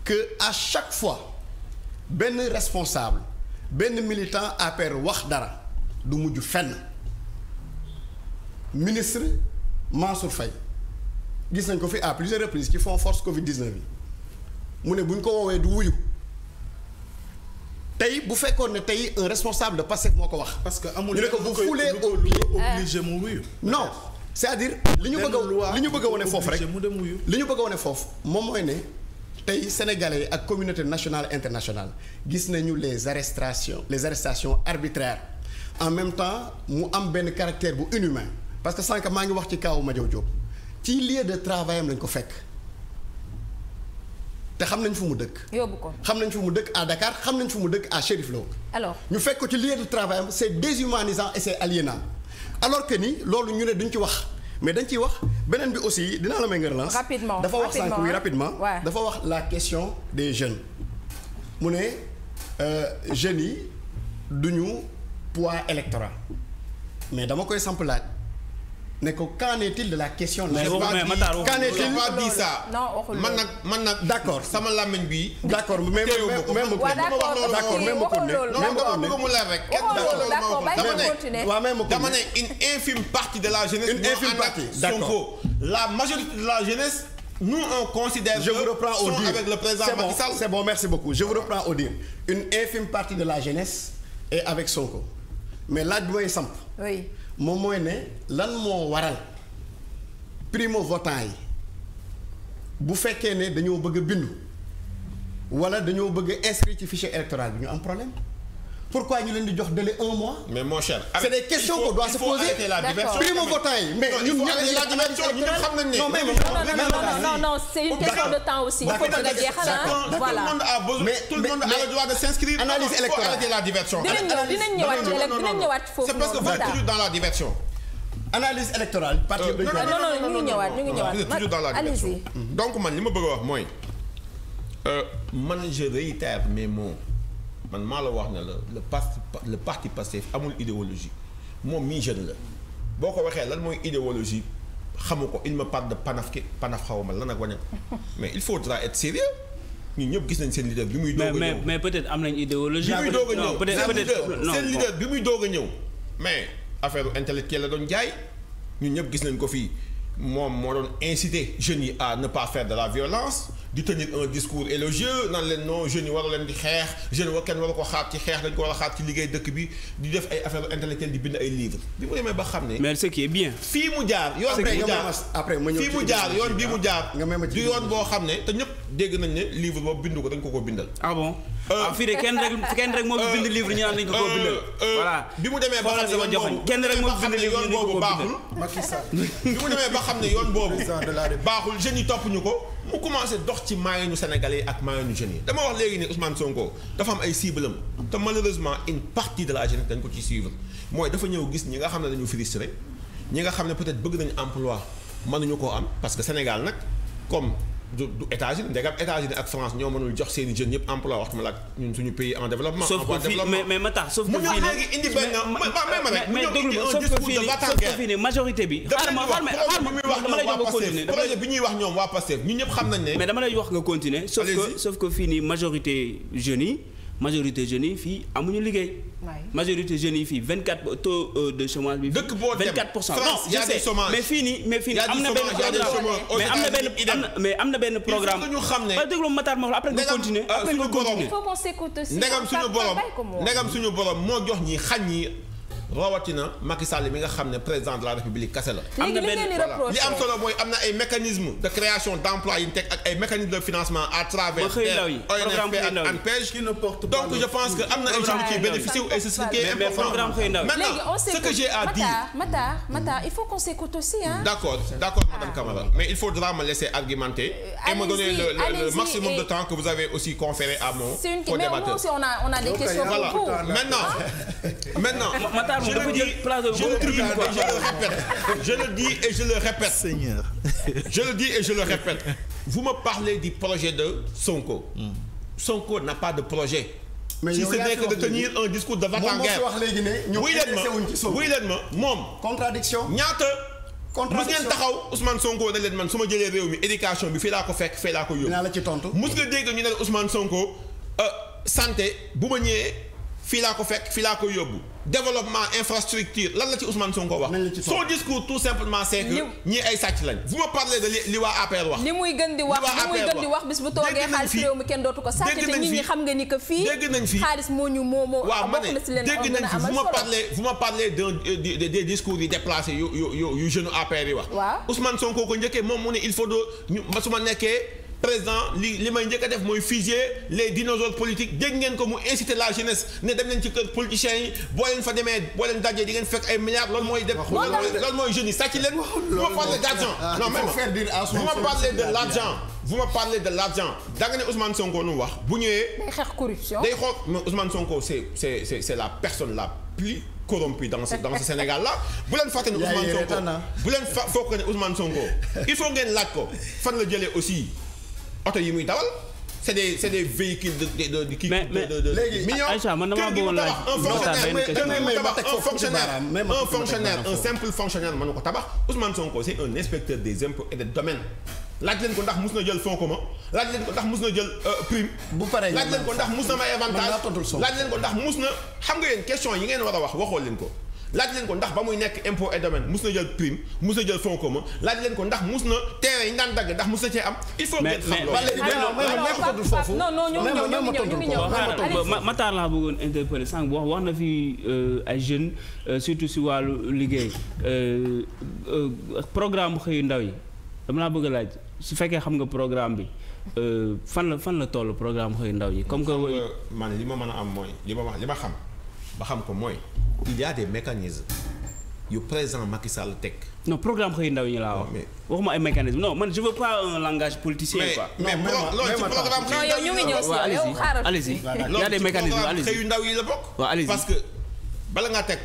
que à chaque fois benn responsable benn militant APR wax dara du mujj fenn ministre Mansour Faye gis nañ ko fi à plusieurs reprises ci font force Covid bi mu ne buñ ko woowee du wuyu tey bu fekkoon ne tey un responsable de Pastef moo ko wax. parce que amul ñu ne ko bu fulee ah. mu wuyu. non c'est-à-dire li ñu bëgg a li ñu bëgg a wane foofu rek li ñu bëgg a wane foofu moom mooy ne tey sénégalais ak communauté nationale internationale gis nañu les arrestations les arrestations arbitraires en même temps mu am benn caractère bu inhumain parce que sànq maa ngi wax ci kaw Madiaw Diop. ci lieu de travail lañ ko fekk te xam nañ fu mu dëkk. yóbbu ko xam nañ fi mu dëkk à Dakar xam nañ fu mu dëkk à Chérif Lo. alors ñu fekk ko ci lieu de travail am c'est déshumanisant et c'est aliénant alors que ni loolu ñu ne duñ ci wax mais dañ ciy wax beneen bi aussi dinaa la may nga relance. rapidement dafa wax sànq wi rapidement. dafa wax la question des jeunes. mu ne euh, jeunes yi duñu poids électoral mais dama koy samp laaj. ne ko qu'en est-il de la question. mais qu'en est-il pas dit ça. man nag man nag. d'accord sama làmmiñ bi. d'accord mais dama ne une infime partie de la jeunesse. une infime partie d'accord la majorité de la jeunesse. nous on considère. je vous reprends au dire avec le président Macky Sall. c'est bon merci beaucoup je vous reprends au dire une infime partie de la jeunesse est avec Sonko mais laaj bi may samp. oui. moom mooy ne lan moo waral primo votant yi bu fekkee ne dañoo bëgg bindu wala dañoo bëgg a inscrit ci fichier électoral bi ñu am problème pourquoi ñu leen di jox délai un mois. mais mon cher. c'est des questions qu'on doit se poser. primo votant yi mais ñun non non c'est une question de temps aussi. il faut que nga jeexal voilà mais tout le monde a le droit de s'inscrire. analyse électorale dinañ ñëwaat foofu c'est parce dans la diversion. analyse électorale. donc man li ma bëgg a wax mooy euh, man je réitère mes mots. man maa la wax ne la le parti le parti Pastef amul idéologie moom mii jeune la boo ko waxee lan mooy idéologie xamu ko il me parle de panaf ki panaf xaw ma lan ak wane mais il faudra être sérieux ñun ñëpp gis nañ seen leader bi muy doog a ñëw peut-être am nañ idéologie. bi muy doog a ñëw bi muy doog a ñëw mais affaire intellectuelle la doon jaay ñun ñëpp gis nañ ko fii moom moo doon inciter jeunes yi à ne pas faire de la violence. di tenir un discours élogieux nan leen non jeunes yi waru leen di xeex jeunes war kenn waru ko xaar ci xeex dañ ko war a xaar ci liggéey dëkk bi di def ay affaire intellectuelle di bind ay livres bi mu demee ba xam ne. mais ce qui est bien. fii mu jaar yoon après fii mu jaar yoon bii mu jaar. nga du yoon boo xam ne te ñëpp dégg nañ ne livre boobu bindu ko dañ ko koo bindal. ah bon euh, ah fii de kenn rek kenn rek ko euh, bindal. Euh, voilà bi mu demee ba xam ne yoon boobu kenn rek moo fi bind baaxul. Macky xam ne yoon boobu baaxul jeunes topp ñu ko mu commencé dox ci maayeenu ñu yi ak maayeenu jeunes yi dama wax léegi ne Ousmane Sonko dafa am ay cible am te malheureusement une partie de la jeunesse dañ ko ci suivre mooy dafa ñëw gis ñi nga xam ne dañu frustré ñi nga xam ne peut-être bëgg nañu emploi mënuñu ko am parce que Sénégal nag comme du du États-Unis ndegam États-Unis ak France ñoo mënul jox seen i jeunes yëpp emploi waxtu ma la ak suñu pays en développement. sauf que fii mais ma tax sauf que fii nii indi benn majorité bi. xaaral ma xaaral ma wax ñoom waa Pastef ñun ñëpp xam nañ ne. mais dama lay wax nga continuer. sauf que sauf que fii nii majorité jeunes jeunes yi fii amuñu liggéey. majorité jeunes yi fii 24 taux euh, de chômage bi. dëkk boo dem 24 pour cent non je sais mais fii nii mais fii nii am na benn programme mais am na benn mais am na benn programme. il faut que ñu xam ne parce que loolu Matar ma après nga continuer euh, après nga continuer. il faut qu'on s'écoute ndegam suñu borom borom moo jox ñi xañ ñi. rawatina Macky Sall mi nga xam ne président de la république kase la. am na benn li am solo mooy am na ay mécanismes de création d' emploi yi ñu teg ak de financement à travers. donc je pense que am na ay gens qui bénéficient et c'est ce qui est important. maintenant ce que j'ai à dire. Matar Matar il faut qu'on aussi hein. d' accord d' accord madame mais il faudra le maximum de temps que vous avez aussi conféré à mon. co mais on a on a des questions pour dafa jël plateau bi comme tribune quoi je le dis et je le répète. Seigneur. je le dis et je le répète. vous me parlez du projet de Sonko. Hmm. Sonko n'a pas de projet. mais yow yaa si wax léegi de tenir un discours de va wax léegi ne. ñu intéressé wuñ wuy leen ma wuy leen ma moom. contradiction ñaata. contradiction mus ngeen taxaw Ousmane Sonko ne leen man su ma jëlee réew mi éducation bi fii laa ko fekk fii laa ko yóbbu. dinaa la ci tontu dégg ñu ne Ousmane Sonko euh, santé bu ma ñëwee fii laa ko fekk fii laa ko yóbbu. développement infrastructure lan la ci Ousmane Sonko wax. son discours tout simplement c'est que. ñii ay sàcc lañ. vous me parlez de li li waa APR wax. li muy gën di wax li muy gën di wax bis bu toogee xaalis réew mi kenn dootu ko sàcc te nit ñi xam nga ni que fii. dégg nañ fi xaalis moo ñu moo moo. ma ne dégg nañ fi vous me parlez vous me parlez d'un euh, des discours yu déplacé yu yu yu yu jeune APR yi wax. waaw Ousmane Sonko ko njëkkee moom mu ne il faut ma su ma président li li may njëkk a def mooy figer les dinosaures politiques dégg ngeen ko mu inciter la jeunesse ne dem leen ci kër politiciens yi boo leen fa demee boo leen dajee di fekk ay milliards loolu mooy def loolu mooy jeunes yi sàcc leen vous me ah, parlez de l'argent vous me parlez de l'argent da ne Ousmane Sonko nu wax bu ñëwee day xeex corruption day xoo mais Ousmane Sonko c'est c'est la personne la plus corrompu dans ce dans ce Sénégal là bu leen fàtte ne Ousmane Sonko bu leen ne Ousmane Sonko il faut ngeen ko fan la jëlee aussi oto yi muy dawal c' est des c' est des véhicules de de de kii. mais mais léegi Aïcha man damaa bëggoon laaj un fonctionnaire un fonctionnaire un simple fonctionnaire mënu ko tabax Ousmane Sonko c' est un inspecteur des impôts et des domaines. laaj leen ko ndax mus na jël fonds commun laaj leen ko ndax mus na jël euh, prime. bu paree laaj leen ko ndax mus na may avantage laaj leen ko ndax mus na xam nga yéen question yi ngeen war a wax waxoo leen ko. laaj leen ko ndax ba muy nekk impôt et domaine mus na jël prime mus na jël fonds commun laaj leen ko ndax mus na terrain yi ñu dagg ndax mus na cee am. il faut ngeen xam loolu non non non Matar laa bëggoon interpeller sànq wax wax na fi euh, ay jeunes euh, surtout si wàllu liggéey euh, programme bu xëyu ndaw yi dama laa bëgg laaj su fekkee xam nga programme bi. fan la fan la toll programme xëy ndaw yi comme que. man li ma mën a am mooy li ma wax li ma xam ba xam ko mooy il y a des mécanismes yu président Macky Sall teg. non programme xëy ndaw ñi laa wax. waxuma ay mécanisme non man je veux pas un langage politicien quoi. mais mais loolu yi la bokk. waaw allez que bala ngaa nga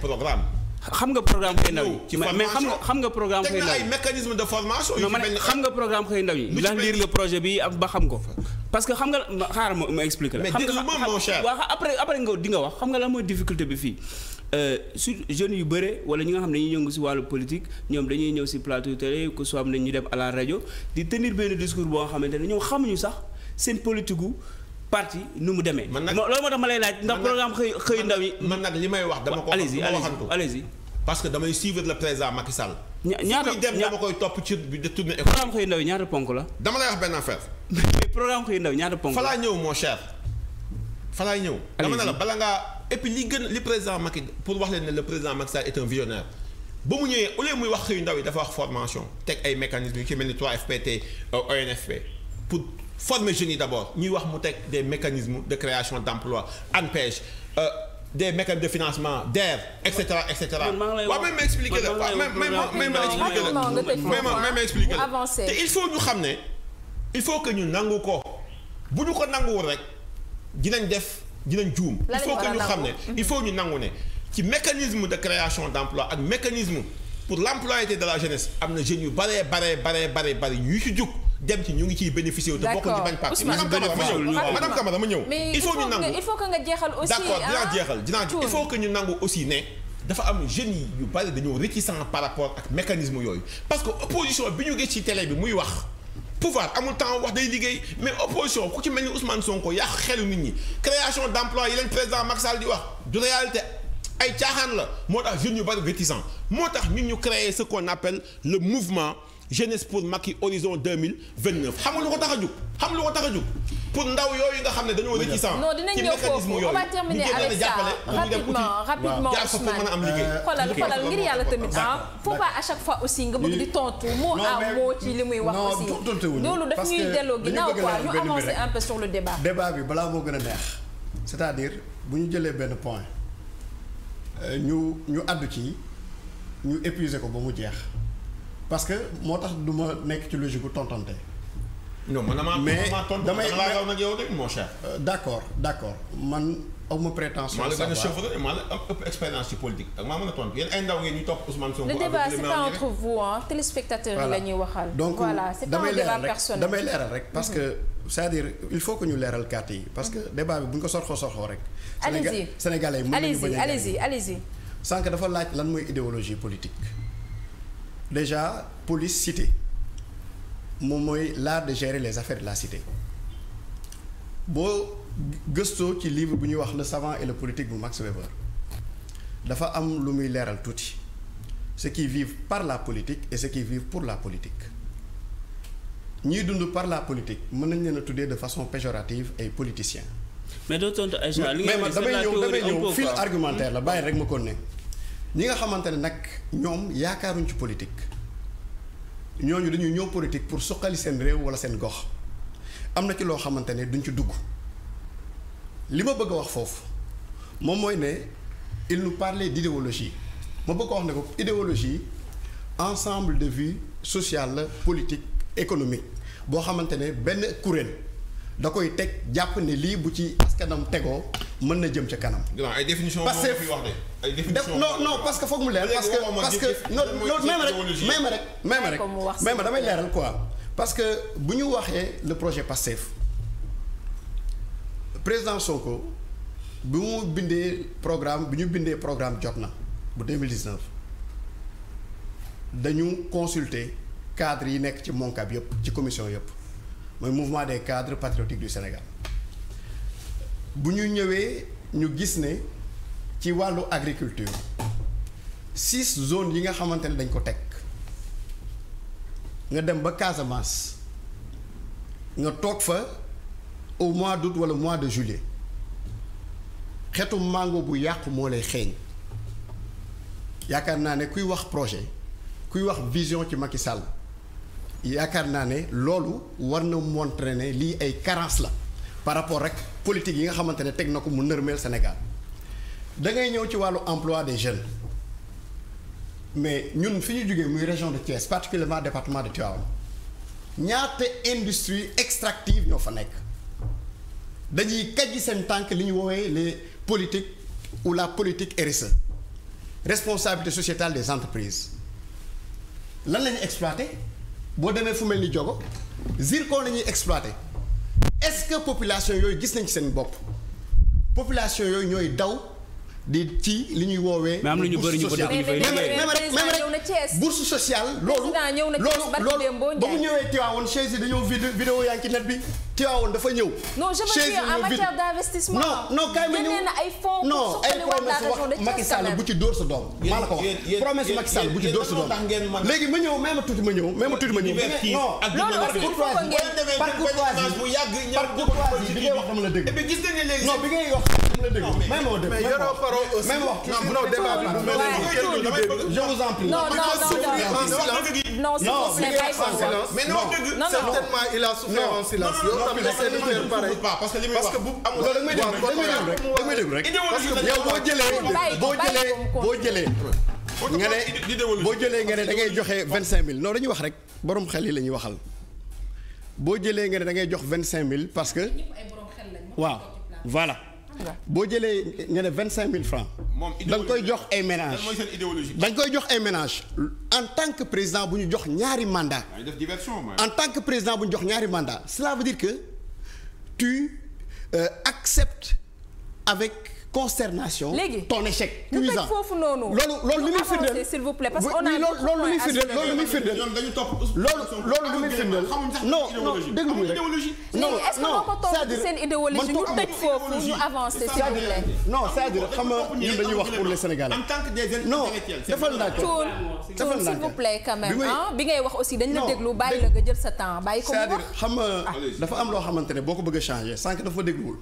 programme xëy ndaw yi mais xam nga programme xëy ndaw yi teg na ay mécanisme de formation. yu mel ni xam nga programme xëy ndaw yi. lu ci lire le projet bi ak ba xam ko. parce que xam nga xaaral ma explique la. mais dégg nga moom après après nga di wax xam nga lan mooy difficulté bi fii Euh, sur jeunes yu bëre wala ñi nga xam ne dañuy yëngu si wàllu politique ñoom dañuy ñëw si plateau télé ku soit am nañ ñu dem à la rajo di tenir benn discours boo xam ne ñoom xamuñu sax seen politique gu parti nu mu demee. man nag loolu moo tax ma lay laaj ndax programme xëy xëy ndaw yi. man nag li may wax dama ko waxantu allez-y parce que damay suivre le président Macky Sall. ñaata dem dama koy topp ci bi de tournée école. ponk la. dama lay wax benn affaire. mais programme ponk laa ñëw mon cher. fa laa ñëw. dama ne la bala ngaa et puis li gën li président Macky pour wax leen ne le président Macky Sall est un visionnaire ba mu ñëwee au lieu muy wax xëyu ndaw yi dafa wax formation teg ay mécanismes yu ci mel ni 3FPT euh, ONFP pour former jeunes yi d' abord ñuy wax mu teg des mécanismes de création d' emploi ANPEJ euh, des mécanismes de financement DER et cetera et cetera. waaw même ma expliqué la waaw même même ma expliqué la même ma expliqué la te il faut ñu xam ne il faut que ñu nangu ko bu du ko nanguwul rek dinañ def. dinañ juum il faut que ñu xam ne il faut ñu nangu ne ci mécanisme de création d'emploi ak mécanisme pour l'employabilité de la jeunesse am na jeunes yu baree baree baree baree bari yu ci jug dem ci ñu ngi ciy bénéficier wu te bokk ci bañ parti madame Camara ma ñëw madame Camara ma ñëw il faut ñu nangu il que nga jeexal aussi d'accord dinaa ah. jeexal dinaa il faut que ñu nangu aussi ne dafa am jeunes yu bari dañoo réticent par rapport ak mécanisme yooyu parce que opposition bi ñu gis ci télé bi muy wax pouvoir amul temps wax day liggéey mais opposition ku ci mel ni Ousmane Sonko yàq xelu nit ñi création d' emploi yi leen président Macky di wax du réalité ay caaxaan la moo tax jeunes ñu bari réticent moo tax ñun ñu créer ce qu'on appelle le mouvement jeunesse pour Macky horizon deux mille vingt neuf xam nga lu ko tax a jóg xam nga lu ko tax a jóg pour ndaw yooyu nga xam ne dañoo réticent non dinañ ñëw foofu on va terminer avec ça rapidement rapidement Ousmane xoolal xoolal ngir yàlla tamit ah faut à chaque fois aussi nga bëgg di tontu mot à mot ci li muy wax aussi loolu daf ñuy delloo ginnaaw quoi ñu avancer un peu sur le débat bi balaa moo gën a neex c'est-à-dire bu ñu jëlee benn point euh, ñu ñu àddu ci ñu épuiser ko ba mu jeex parce que moo tax du ma nekk ci logique bu tontante non man damaa damaa tontu damay laagaw nag yow de euh, man a chauffeur maa la ëpp expérience ci politique ak a tontu ndaw ngeen ñu topp Ousmane Sonko. le débat c' est yi la waxal. donc damay leeral rek damay leeral rek parce que. c' est à dire il faut que ñu leeral carte yi. parce que mhm. débat bi bu ñu ko sorxoo sorxoo rek. allez-y Sénégalais mën nañu bañ a dafa laaj lan mooy idéologie politique déjà police cité moom mooy l'art de gérer les affaires de la cité boo gëstoo ci livre bu ñuy wax le savant et le politique bu Max Weber dafa am lu muy leeral tuuti ceux qui vivent par la politique et ceux qui vivent pour la politique ñiy dund par la politique mën nañ leen a tuddee de façon péjorative ay politiciens. mais doo tontu Aïcha li nga damay ñëw damay ñëw fil argumentaire la bàyyi rek ma ko ne ñi nga xamante ne nag ñoom yaakaaruñ ci politique. ñooñu dañuy ñëw politique pour suqali seen réew wala seen gox am na ci loo xamante ne duñ ci dugg li ma bëgg a wax foofu moom mooy ne il nous parlait d'idéologie ma bëgg a wax ne ko idéologie ensemble de vue sociale politique économique boo xamante ne benn kuréel. da koy teg jàpp ni lii bu ci askanam tegoo mën na jëm ca kanam. ay définition parce que non non parce que foog mu leer parce que parce que non non même rek même rek même rek même damay leeral ko parce que bu ñu waxee le projet Pastef président ko bi mu bindee programme bi ñu bindee programme jot na bu 2019 dañu consulter cadre yi nekk ci monkab yëpp ci commission yëpp mooy mouvement des cadres patriotiques du Sénégal bu ñu ñëwee ñu gis ne ci wàllu agriculture six zones yi nga xamante ne dañ ko teg nga dem ba Casamance nga toog fa au mois d'août wala mois de juillet xetu màngo bu yàqu moo lay xeeñ yaakaar naa ne kuy wax projet kuy wax vision ci Macky Sall yaakaar naa ne loolu war na montrer lii ay carence la par rapport rek politique yi nga xamante ne teg na ko mu nërmeel Sénégal da ngay ñëw ci wàllu emploi des jeunes mais ñun fi ñu jógee muy région de Thiès particulièrement département de Tivaouane ñaata industrie extractive ñoo fa nekk dañuy kàjji seen tànk li ñu woowee les politiques ou la politique RSE responsabilité sociétale des entreprises lan la ñu boo demee fu mel ni Diogo zircon la ñuy exploité est-ce que population yooyu gis nañ ci seen bopp population yooyu ñooy daw. di ci li ñuy woowee. mais am na ñu bëri ñu bëri ñu fay même loolu ba mu ñëwee Tiwaawoon chaise yi dañoo vidéo vidéo yaa ngi ci net bi Tiwaawoon dafa ñëw. non je me dis en matière d'investissement. ma ñëw ay ay promesse wax Macky bu ci dóor sa doom. maa la ko wax promesse Macky bu ci dóor sa doom léegi ma ñëw même tuuti ma ñëw même tuuti ma ñëw. non par courtoisie bi ngay wax dama la dégg. non bi ngay wax dama la dégg. même wax non débat bi je vous en prie. non non non non non non certainement a souffert en silence. yow tamit essaie de faire pareil. parce rek yow boo jëlee boo jëlee boo jëlee. nga ne boo jëlee nga ne da ngay joxe vingt cinq mille non dañuy wax rek borom xel yi la ñuy waxal boo jëlee nga ne da ngay jox vingt cinq mille parce que waaw voilà. boo jëlee nga ne vingt cinq mille francs da nga koy jox ay ménage da nga koy jox ay ménage en tant que président bu ñu jox ñaari mandat en tant que président bu ñu jox ñaari mandat cela veut dire que tu euh, acceptes avec consternation. léegi ton échec cuisant foofu noonu. loolu loolu li muy firndeel s'il vous plaît parce que on a loolu li muy firndeel loolu li muy firndeel. loolu loolu li ñu vous plaît. non cest dire xam nga ñun wax pour les Sénégalais. non defal naa ko. tuun tuun s'il vous plaît quand bi ngay wax aussi dañ la déglu bàyyi la nga jël sa temps bàyyi ko mu wax. cest dafa am loo xamante ne boo ko bëgg a changer sànq dafa dégluwul.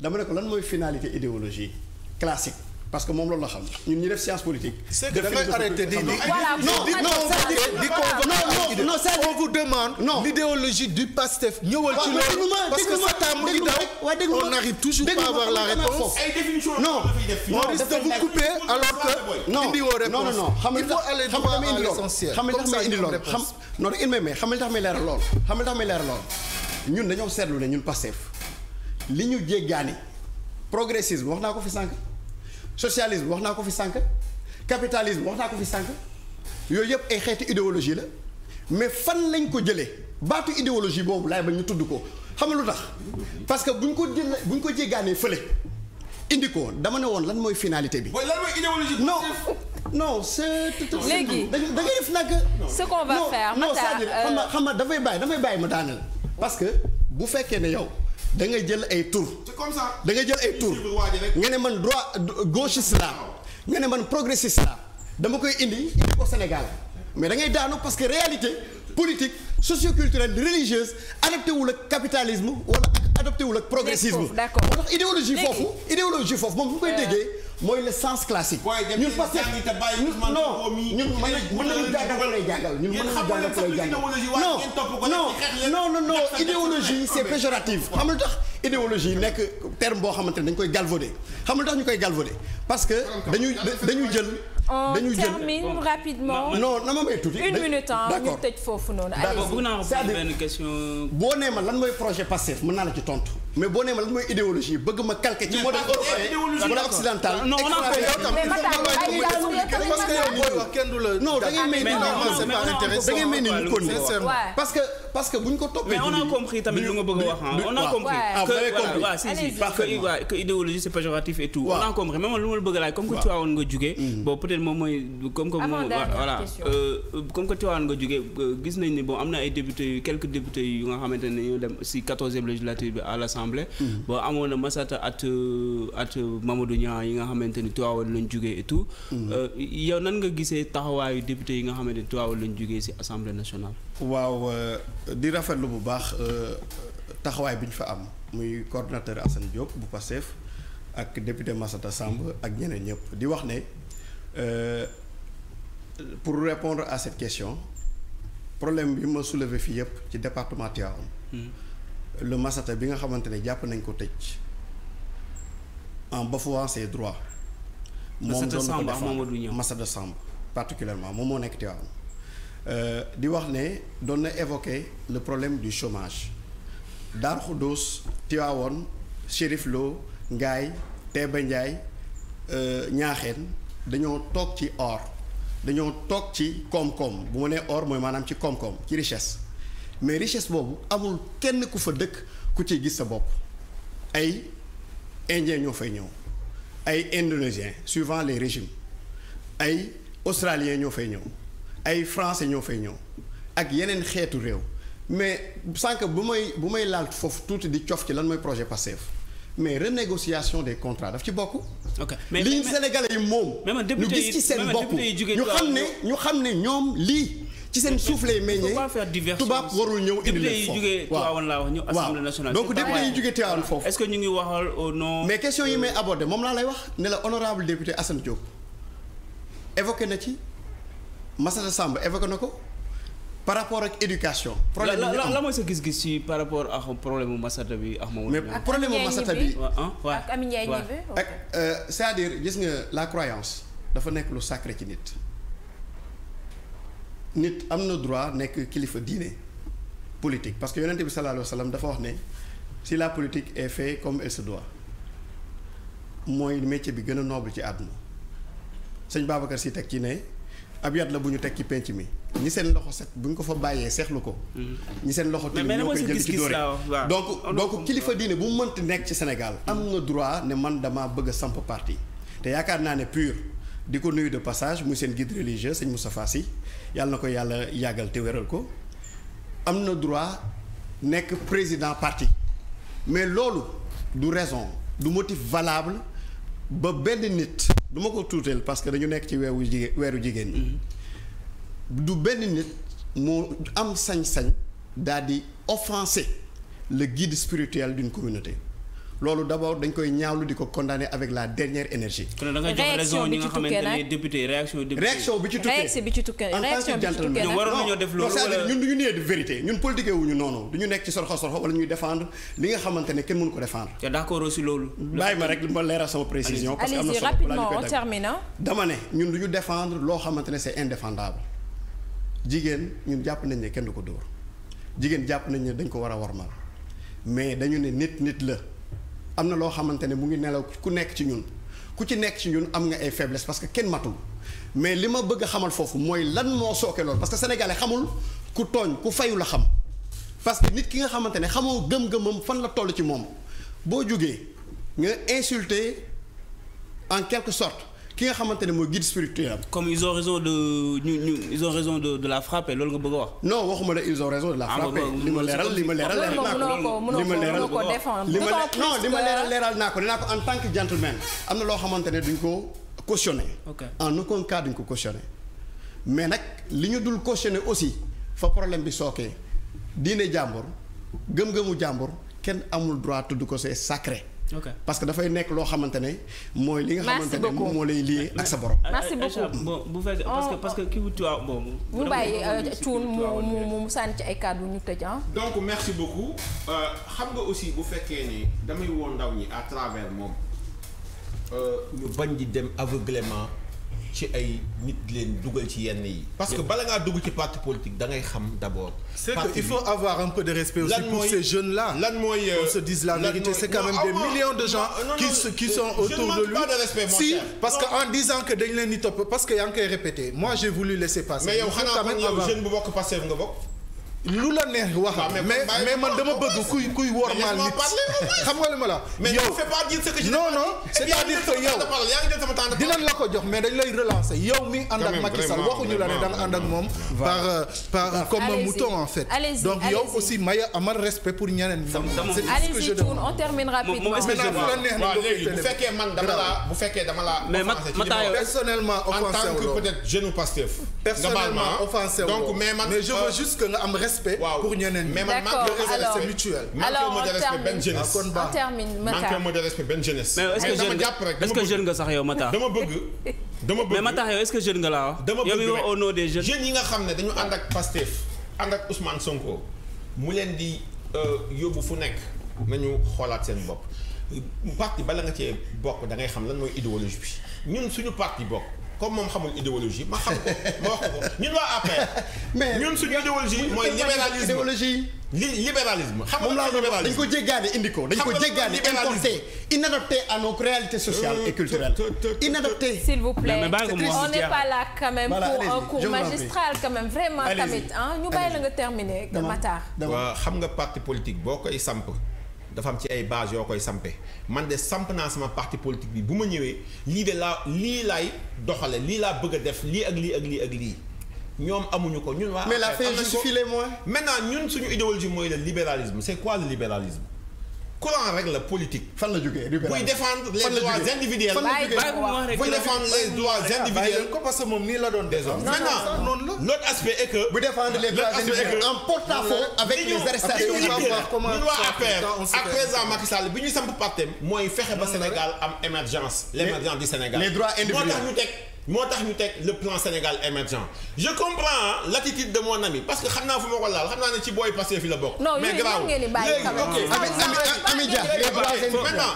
dama ne ko lan mooy finalité idéologie classique parce que moom loolu la xam ñun ñu def science politique. c'est que da ngay arrêté di di non non on vous demande. non l'idéologie du Pastef ñëwal ci ah, loolu parce que Satan mu ngi daw on n'arrive toujours pas à de vous couper alors que. non non non xam nga xam nga ma indi lool xam nga tax ma indi lool xam non rek il may may xam nga tax may leeral lool xam nga tax may leeral lool ñun dañoo seetlu ne ñun Pastef li ñu jéggaani progressisme wax naa ko fi sànq socialisme wax naa ko fi sànq capitalisme wax naa ko fi sànq yooyu yëpp ay xeeti idéologie la mais fan lañ ko jëlee baatu idéologie boobu laay ba ñu tudd ko xam nga lu tax parce que ñu ko jël buñ ko jéggaanee fële indi ko dama ne woon lan mooy finalité bi. mooy lan mooy idéologie non non c'est tout léegi da ngay def nag. ce qu'on va faire. na xam na euh, dafay bàyyi dafay bàyyi ma daaneel. parce que bu fekkee ne yow. da nga jël ay tour da nga jël ay tour nga ne man droit gauchiste la nga ne man progressiste la dama koy indi indi ko Sénégal mais da ngay daanu parce que réalité politique socioculturelle religieuse adapté wul ak capitalisme wala adapté wul ak progressisme moo tax idéologie foofu idéologie foofu moom fu koy euh, déggee mooy le sens classique. ñun parce que non ñun mën nañu jàngal ko lay jàngal ñun mën nañu jàngal ko lay jàngal non c'est péjoratif xam nga tax idéologie nekk terme boo xamante ne dañ koy galvaudé xam nga tax ñu koy galvaudé parce que dañuy dañu jël. on termine rapidement. non na ma may tuuti une minute ñu tëj foofu noonu. benn question. boo nee ma lan mooy projet Pastef mën naa la ci tontu. mais boo nee lan mooy idéologie bëgg ma calquer ci modèle européen wala occidental. non on a fait parce que yow. non da ngay may ni. non non non non non non non non non non non non non non non non parce que buñ ko toppee. mais on a compris tamit lu nga bëgg a wax on a compris que ah, waaw si si que que idéologie c'est péjoratif et tout. on a compris même lu ma la bëgg a laaj comme que Tivaouane nga jugee. Mm-hmm. bon peut-être moom mooy comme que. voilà euh, euh, comme que Tivaouane nga jugee euh, gis nañ ni bon am na ay députés yu quelques députés yu nga xamante ne ñoo dem si quatorzième législature bi à l'Assemblée. Mm-hmm. bon amoon na Massata at at Mamadou Niang yi nga xamante ni Tivaouane lañ jugee et tout. Mm-hmm. yow nan nga gisee taxawaayu député yi nga xamante ni Tivaouane lañ jugee si Assemblée nationale. waaw euh, di rafetlu bu baax euh, taxawaay bi ñu fa am muy coordonnateur Assane Diop bu Pastef ak député Massata Samb ak ñeneen ñëpp di wax ne euh, pour répondre à cette question problème bi ma soulevé fii yëpp ci département Tivaouane hmm. le Massata bi nga xamante ne jàpp nañ ko tëj en bafouant ses droits moom doon ko def Massata Samb particulièrement moom moo nekk Tivaouane Euh, di wax ne doon na évoquer le problème du chômage Darou Khoudoss Tivaouane Chérif Lo Ngaye Taïba Ndiaye Ñaaxeen euh, dañoo toog ci or dañoo toog ci koom-koom bu ma nee or mooy maanaam ci koom-koom ci richesse mais richesse boobu amul kenn ku fa dëkk ku ci gis sa bopp ay indien ñoo fay ñëw ay indonésien suivant les régimes ay australien ñoo fay ñëw ay français ñoo fay ñëw ak yeneen xeetu réew mais sànq bu may bu may laal foofu tuuti di cof ci lan mooy projet Pastef mais renégociation des contrat daf ci bokk. ok mais li ñu sénégalais yi moom. ñu gis ci seen bopp ñu xam ne ñu xam ne ñoom lii. ci seen suuf lay meññee tubaab warul ñëw indi leen foofu député yi jugee Tivaouane wax ñëw assemblée nationale. donc député yi jugee Tivaouane foofu. est-ce que ñu ngi waxal au nom. mais question yi may abordé moom laa lay wax ne la honorable député Assane Diop évoqué na ci. Massata Samb évoqué na ko par rapport ak éducation. problème la la la sa gis-gis ci par rapport ak problème mu Massata bi ak Mamadou. mais problème mu Massata bi ah, ah, ak Amy Ndiaye Gniby ak euh, cest à gis nga la croyance dafa nekk lu sacré ci nit. nit am na droit nekk kilifa diine politique parce que yonent bi sallallahu alayhi wa sallam dafa wax ne si la politique est faite comme e se doit mooy métier bi gën a noble ci àdduna sëñ Babacar si teg ci ne. ab yat la bu ñu teg ci penc mi ñi seen loxo set bu ñu ko fa bàyyee seexlu ko ñi seen loxo te ñoo koy jël ci dóore donc oh, donc kilifa diine bu mënti nekk ci Sénégal am na droit ne man dama bëgg a samp parti te yaakaar naa ne pur di ko nuyu de passage mu seen guide religieux sëñ Moustapha Sy yàlla na ko yàlla yàggal te wéral ko am na droit nekk président parti mais loolu du raison du motif valable ba benn nit du ma ko tuuteel parce que dañu nekk ci weewu jigéen weeru jigéen mm-hmm. du benn nit moo am sañ-sañ daal di offenser le guide spirituel d'une communauté loolu d' abord dañ koy ñaawlu di ko condamner avec la dernière énergie. réaction bi ci tukkee nag député réaction député. réaction bi ci tukkee réaction bi ci tukkee nag réaction bi ci tukkee nag. waroon nañoo def de vérité ñun ne kenn mënu ko défendre. te d' accord aussi loolu. bàyyi na solo ñun du ñu défendre loo xamante ne c' est jigéen ñun jàpp nañ ne kenn du ko dóor jigéen jàpp nañ ne dañ ko war a warmal mais dañu ne nit nit la am na loo xamante ne mu ngi nelaw ku nekk ci ñun ku ci nekk ci ñun am nga ay faiblesse parce que kenn matul mais li ma bëgg a xamal foofu mooy lan moo sooke loolu parce que sénégalais xamul ku tooñ ku fayu la xam parce que nit ki nga xamante ne xamoo gëm-gëmam fan la toll ci moom boo jógee nga insulté en quelque sorte ki nga xamante ne mooy guide spirituel comme ils ont raison de ñu ñu ils ont raison de de la frapper loolu nga bëgg a wax. non waxuma la ils ont raison de la frapper. li ma leeral li ma leeral leeral naa ko li naa ko en tant que gentleman am na loo xamante ne duñ ko cautionner. en aucun cas duñ ko cautionner. mais nag li ñu dul cautionner aussi fa problème bi sookee diine jàmbur gëm-gëmu jàmbur kenn amul droit tudd ko c'est sacré. ok parce que dafay nekk loo xamante ne mooy li nga xamante ne moom moo lay lié ak sa borom. merci eh, beaucoup bon bu fekkee parce que parce que boobu. mu bàyyi Thioune mu mu euh, mu sànni ci ay kàddu ñu tëj ah. donc merci beaucoup euh, xam nga aussi bu fekkee ni damay woon ndaw ñi à travers moom. Euh, ñu bañ di dem aveuglément. ci ay nit leen dugal ci yenn yi. parce que bala ngaa dugg ci parti politique da ngay xam d' abord. c'est que il faut avoir un peu de respect aussi pour ces jeunes là. lan mooy euh, on se dise la vérité c'est quand même des ah millions de gens. qui sont autour de lui si parce que en disant que dañ leen ni topp parce que yaa ngi koy répété moi j'ai voulu laisser passer. mais yow xanaa kon yow jeune nga bokk. lu la neex wax mais mais man dama bëgg kuy kuy wormaal nit xam nga li ma la mais yow non non c'est-à-dire que yow dinañ la ko jox mais dañ lay relancer yow mi ànd ak Macky Sall waxuñu la ne da ànd ak moom par euh, par comme mouton en fait donc yow aussi maya amal respect pour ñeneen allez-y mais mais juste que nga am respect respect. waaw pour ñeneen ñi. d'accord alors alors ah, on termine Matar manqué de respect benn jeunesse. mais est-ce que jeune est-ce que jeune nga sax yow Matar. dama bëgg dama bëgg mais Matar yow est-ce que jeune nga laa wax. dama bëgg yow au nom des jeunes. jeunes yi nga xam ne dañu ànd ak Pastef ànd ak Ousmane Sonko mu leen di euh, yóbbu fu nekk nañu xoolaat seen bopp parti bala nga cee bokk da ngay xam lan mooy idéologie bi ñun suñu parti bokk. comme moom xamul idéologie ma xam ko ma wax ko ñun waa APR. mais ñun suñu idéologie mooy libéralisme idéologie li libéralisme. xam nga libéralisme dañ ko jéggaane indi ko. dañ ko jéggaane importé inadapté à nos réalités sociales euh, et culturelles. inadapté s'il vous plaît on n'est pas là quand même pour un cours magistral quand même vraiment tamit ah ñu bàyyi la nga terminer. Matar. waaw xam nga parti politique boo koy samp. dafa am ci ay base yoo koy sampe man de samp naa sama parti politique bi bu ma ñëwee lii de laa lii laay doxale lii laa bëgg a def lii ak lii ak lii ak lii ñoom amuñu ko ñun waa mais la fin justifie les moyens maintenant ñun suñu idéologie mooy le libéralisme c'est quoi le libéralisme courant rek la politique. fan la jógee buy défendre les droits individuels. buy défendre les droits individuels. ko parce que moom nii la doon aspect est bu défendre les droits individuels en porte-à-faux avec les arrestations ñun waa APR ak président Macky bi ñu samp partem mooy fexe ba Sénégal am émergence l'émergence du Sénégal. les tax ñu teg. moo tax ñu teg le plan Sénégal émergent je comprends l'attitude de mon ami parce que xam naa fu ma ko laal xam naa ne ci booy passé fi la bokk. mais garaaw léegi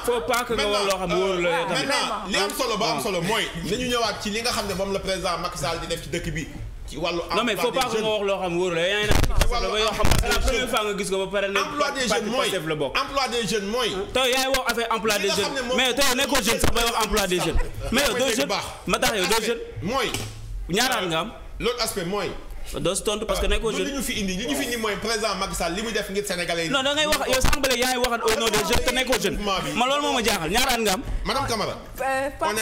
faut pas que nga wax loo xam euh, wóoru la. maintenant li am solo ba am solo mooy. nañu ñëwaat ci li nga xam ne moom la président Macky Sall di def ci dëkk bi. ci wàllu emploi des wax loo xam wóor la yaa ngi naan ci wàllu yoo xam la première fois nga gis ko ba pare ne emploi des jeunes mooy emploi des jeunes mooy tey yaa ngi wax affaire emploi des jeunes mais tey sax bay wax emploi des jeunes mais doo jeune ma tax doo jeune mooy ñaaraan nga am l'autre aspect mooy doo tontu parce que nekkoo jeune. ñu fi indi li ñu fi indi mooy président Macky li mu def ngir sénégalais yi. non wax yow sànq ba yaa ngi waxat au nom des jeunes te nekkoo jeune. ma loolu moo a jaaxal ñaar at nga am. madame Camara. Euh, on n'est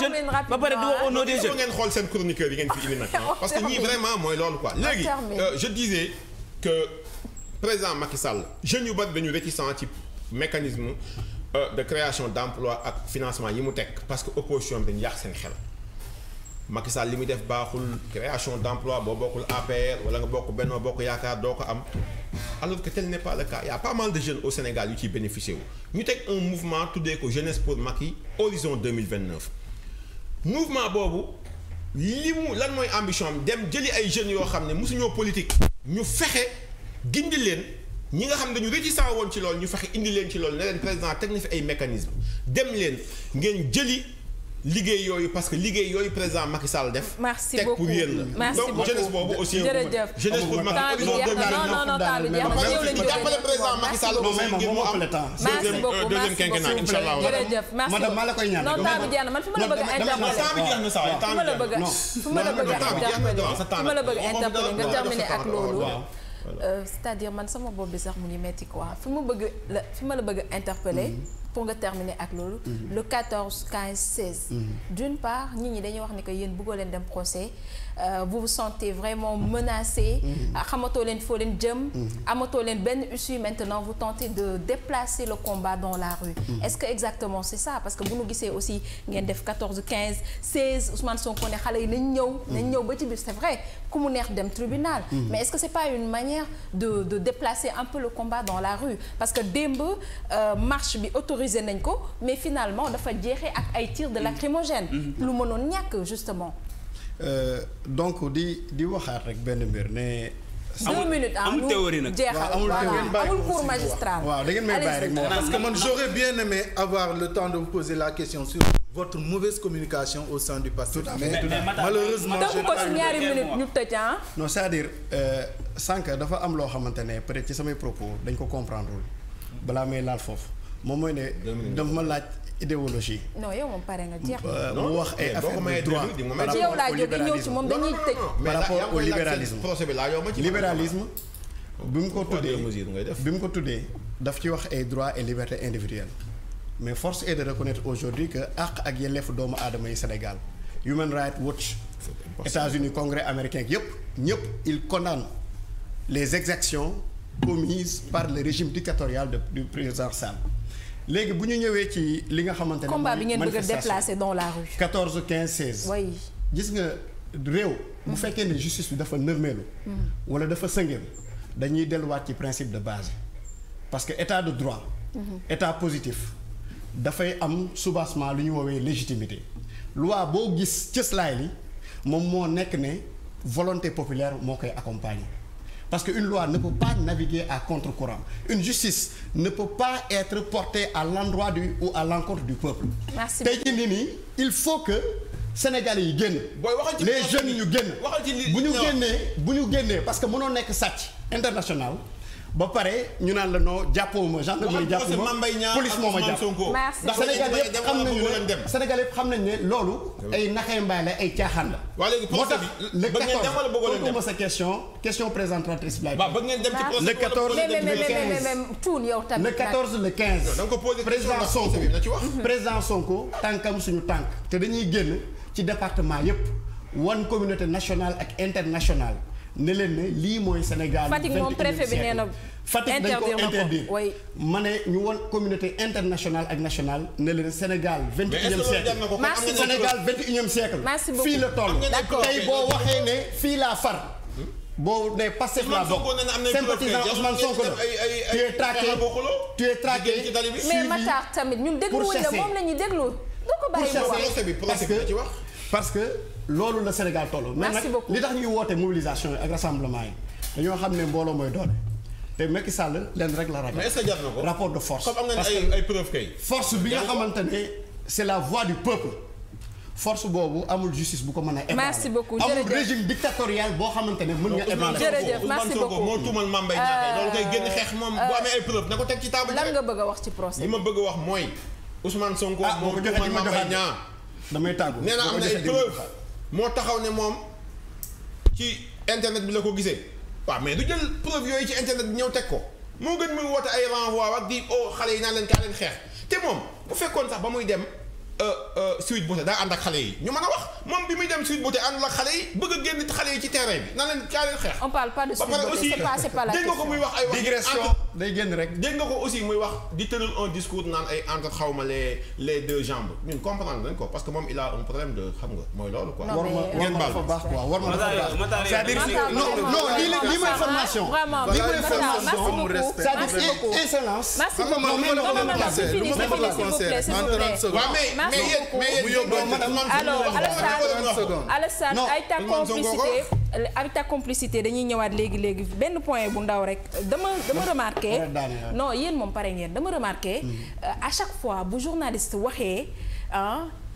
jeune ba pare di o au nom des jeunes. ngeen xool seen chroniqueur yi ngeen fi indi nag. parce que ñii vraiment mooy loolu quoi. léegi euh, je disais que président Macky Sall jeunes yu bari dañu réticent ci mécanisme euh, de création d'emploi ak financement yi mu teg parce que opposition bi dañu yàq seen Macky Sall li muy def baaxul création d'emploi boo bokkul APR wala nga bokk Benno Bokk Yaakaar doo ko am alors que tel n'est pas le cas il y a pas mal de jeunes au Sénégal yu ciy bénéficier wu. ñu teg un mouvement tuddee ko jeunesse pour Macky horizon mouvement boobu li mu lan mooy ambition am dem jëli ay jeunes yoo xam ne mosuñoo politique. ñu fexe gindi leen ñi nga xam ne dañu réticent woon ci lool ñu fexe indi leen ci lool ne leen président teg na fi ay mécanismes dem leen ngeen jëli. liggéey yooyu parce que liggéey yooyu président Macky Sall def. merci beaucoup teg pour yéen la. merci beaucoup donc jeunesse boobu aussi. jërëjëf jeunesse boobu Macky non non non Taalu jeex na yow lañu jàppale président Macky Sall aussi ngir mu am deuxième euh, deuxième quinquennat incha allah. jërëjëf merci madame maa la koy ñaan. non Taalu jeex na man fi ma la bëgg a interpeller. fi ma la bëgg a interpeller fi ma la bëgg a interpeller nga terminer ak loolu. Euh, c'est-à-dire man sama bopp bi sax mu ngi metti quoi fi ma bëgg la fi ma la bëgg a interpeller hmm. pour nga terminer ak loolu. Mhm. le 14 15 16. d'une part nit ñi dañuy wax ne que yéen bëggoo leen dem procès. Euh, vous vous sentez vraiment menacé. Mm-hmm. Ah, xamatoo leen foo leen jëm. Mm-hmm. amatoo leen benn issue maintenant vous tentez de déplacer le combat dans la rue. Mm-hmm. est-ce que exactement c'est ça parce que bu ñu gisee aussi ngeen def 14 15 16 Ousmane Sonko xale yi nañ ñëw. nañ ñëw ba ci biir c'est vrai ku mu neex dem tribunal. mais est-ce que c'est pas une manière de déplacer un peu le combat dans la rue parce que démb euh, marche bi autorisé nañ ko mais finalement dafa jeexee ak ay tirs de lacrymogène. lu mënoon ñàkk justement. Euh, donc di di waxaat rek benn mbir ne. deux minutes ah, amul théorie nag amul amul cours magistral. waaw da ngeen may bàyyi rek moo parce que man j'aurais bien aimé avoir le temps de vous la question sur votre mauvaise communication au sein du Pastef. mais malheureusement je ko ci ñaari minutes ñu tëj ah. non dire euh, sànq dafa am loo xamante ne peut-être ci samay propos dañ ko comprendre balaa may laal foofu moom mooy ne. dama laaj. idéologie. non moom pare nga jeex mu euh, wax ay affaire de droit ci yow laa jógee ñëw ci moom dañuy tëj. par rapport bi mu ko tuddee bi mu ko tuddee daf ci wax ay droits et libertés individuelles. mais force est de reconnaître aujourd'hui que àq ak yelleefu doomu aadama yi Sénégal Human Rights Watch. États-Unis Congrès américain yëpp ñëpp ils condamnent les exactions commises par le régime dictatorial du président Sall. léegi bu ñu ñëwee ci li nga xamante ne combat bi ngeen bëgg a déplacer dans la rue. 14 15 16. gis nga réew. bu fekkee ne justice bi dafa nërmeelu. Hmm. wala dafa sëngeel dañuy delluwaat ci principe de base parce que état de droit. Hmm. état positif. dafay am soubassement lu ñu woowee légitimité. loi boo gis cëslaay li moom moo nekk ne volonté populaire moo koy accompagner. Parce que loi ne peut pas naviguer à contre-courant. Une justice ne peut pas être portée à l'endroit du ou à l'encontre du peuple. Merci. tey jii nii il faut que sénégal yi génn. les jeunes yi ñu génn. bu ñu génnee bu ñu génnee parce que mënoo nekk sàcc international. ba pare ñu naan la noo jàppoo ma gendarmerie jàppoo ma police moo ma jàpp ndax Sénégal yëpp xam nañ ne Sénégal xam nañ ne loolu ay naxee mbaay la ay caaxaan la moo tax le 14 tontu ma sa question question présentatrice bi laay le 14 le 14 le 15 président Sonko mm-hmm. président Sonko tànkam suñu tànk te dañuy génn ci département yëpp wan communauté national ak internationale ne leen ne lii mooy Sénégal. Fatick moom préfet bi nee na. Fatick ma ne ñu woon communauté internationale ak nationale ne leen Sénégal vingt et unième siècle Sénégal vingt et unième siècle fii la toll tey boo waxee ne fii laa far boo ne Pastef laa bokk sympathisant Ousmane Sonko la tu es traqué tu es traqué mais Matar tamit ñun dégluwuñ la moom la déglu doo ko bàyyi parce que parce que loolu la Sénégal toll. merci beaucoup mais nag li tax ñuy woote mobilisation yi ak rassemblement yi dañoo xam ne mbooloo mooy doole. te Macky Sall leen rek la ragal. mais est jar na ko rapport de force. comme am force bi nga xamante ne c'est la voix du peuple. force boobu amul justice bu ko mën a. ébranler merci amul régime dictatorial boo xamante ne mën nga ébranler. jërëjëf merci beaucoup moo tuumal Mame Mbaye Niang euh, loolu koy génn xeex moom euh, bu amee ay preuve na ko teg ci bëgg wax ci procès li ma bëgg a wax mooy Ousmane Sonko. ah boo ma joxee Mame damay tàggu nee na am na ay preuve moo taxaw ne moom ci internet bi la ko gisee waaw mais du jël preuve yooyu ci internet bi ñëw teg ko moo gën muy woote ay renvoi ak di o oh, xale yi naan leen kaa leen xeex te moom bu fekkoon sax ba muy dem Euh, euh, Sweet Beauté daa ànd ak xale yi ñu mën a wax moom bi muy dem Sweet Beauté ànd la xale yi bëgg a génn xale yi ci terrain bi na leen kaa leen xeex. on parle pas de Sweet Beauté c'est pas c'est pas la question. dégg nga ko muy wax ay wax digression day génn rek. dégg nga ko aussi muy wax di tëral un discours naan ay entre xawma les les deux jambes ñun comprendre nañ ko parce que moom il a un problème de xam nga mooy loolu quoi. war ma ngeen baal baax quoi war ma c'est-à-dire non non lii lii mooy formation. vraiment lii mooy formation c'est-à-dire excellence. merci beaucoup ah alors Alassane Alassane ay ta complicité ay ta complicité dañuy ñëwaat léegi léegi benn point bu ndaw rek dama dama remarqué non yéen moom pare ngeen dama remarqué mm-hmm. euh, à chaque fois bu journaliste waxee ah,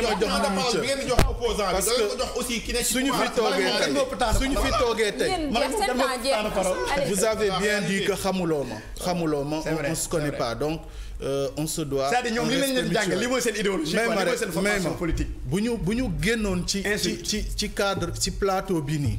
ngeen jox opposant bi da ko jox aussi ki nekk suñu fi toogee tey suñu fi toogee tey vous avez bien dit que xamuloo ma xamuloo ma on se connaît pas donc Euh, on se doit. c'est-à-dire ñoom li lañ leen jàng li mooy seen idéologie quoi li mooy seen formation bu ñu bu ñu génnoon ci. ci ci ci cadre ci plateau bi nii.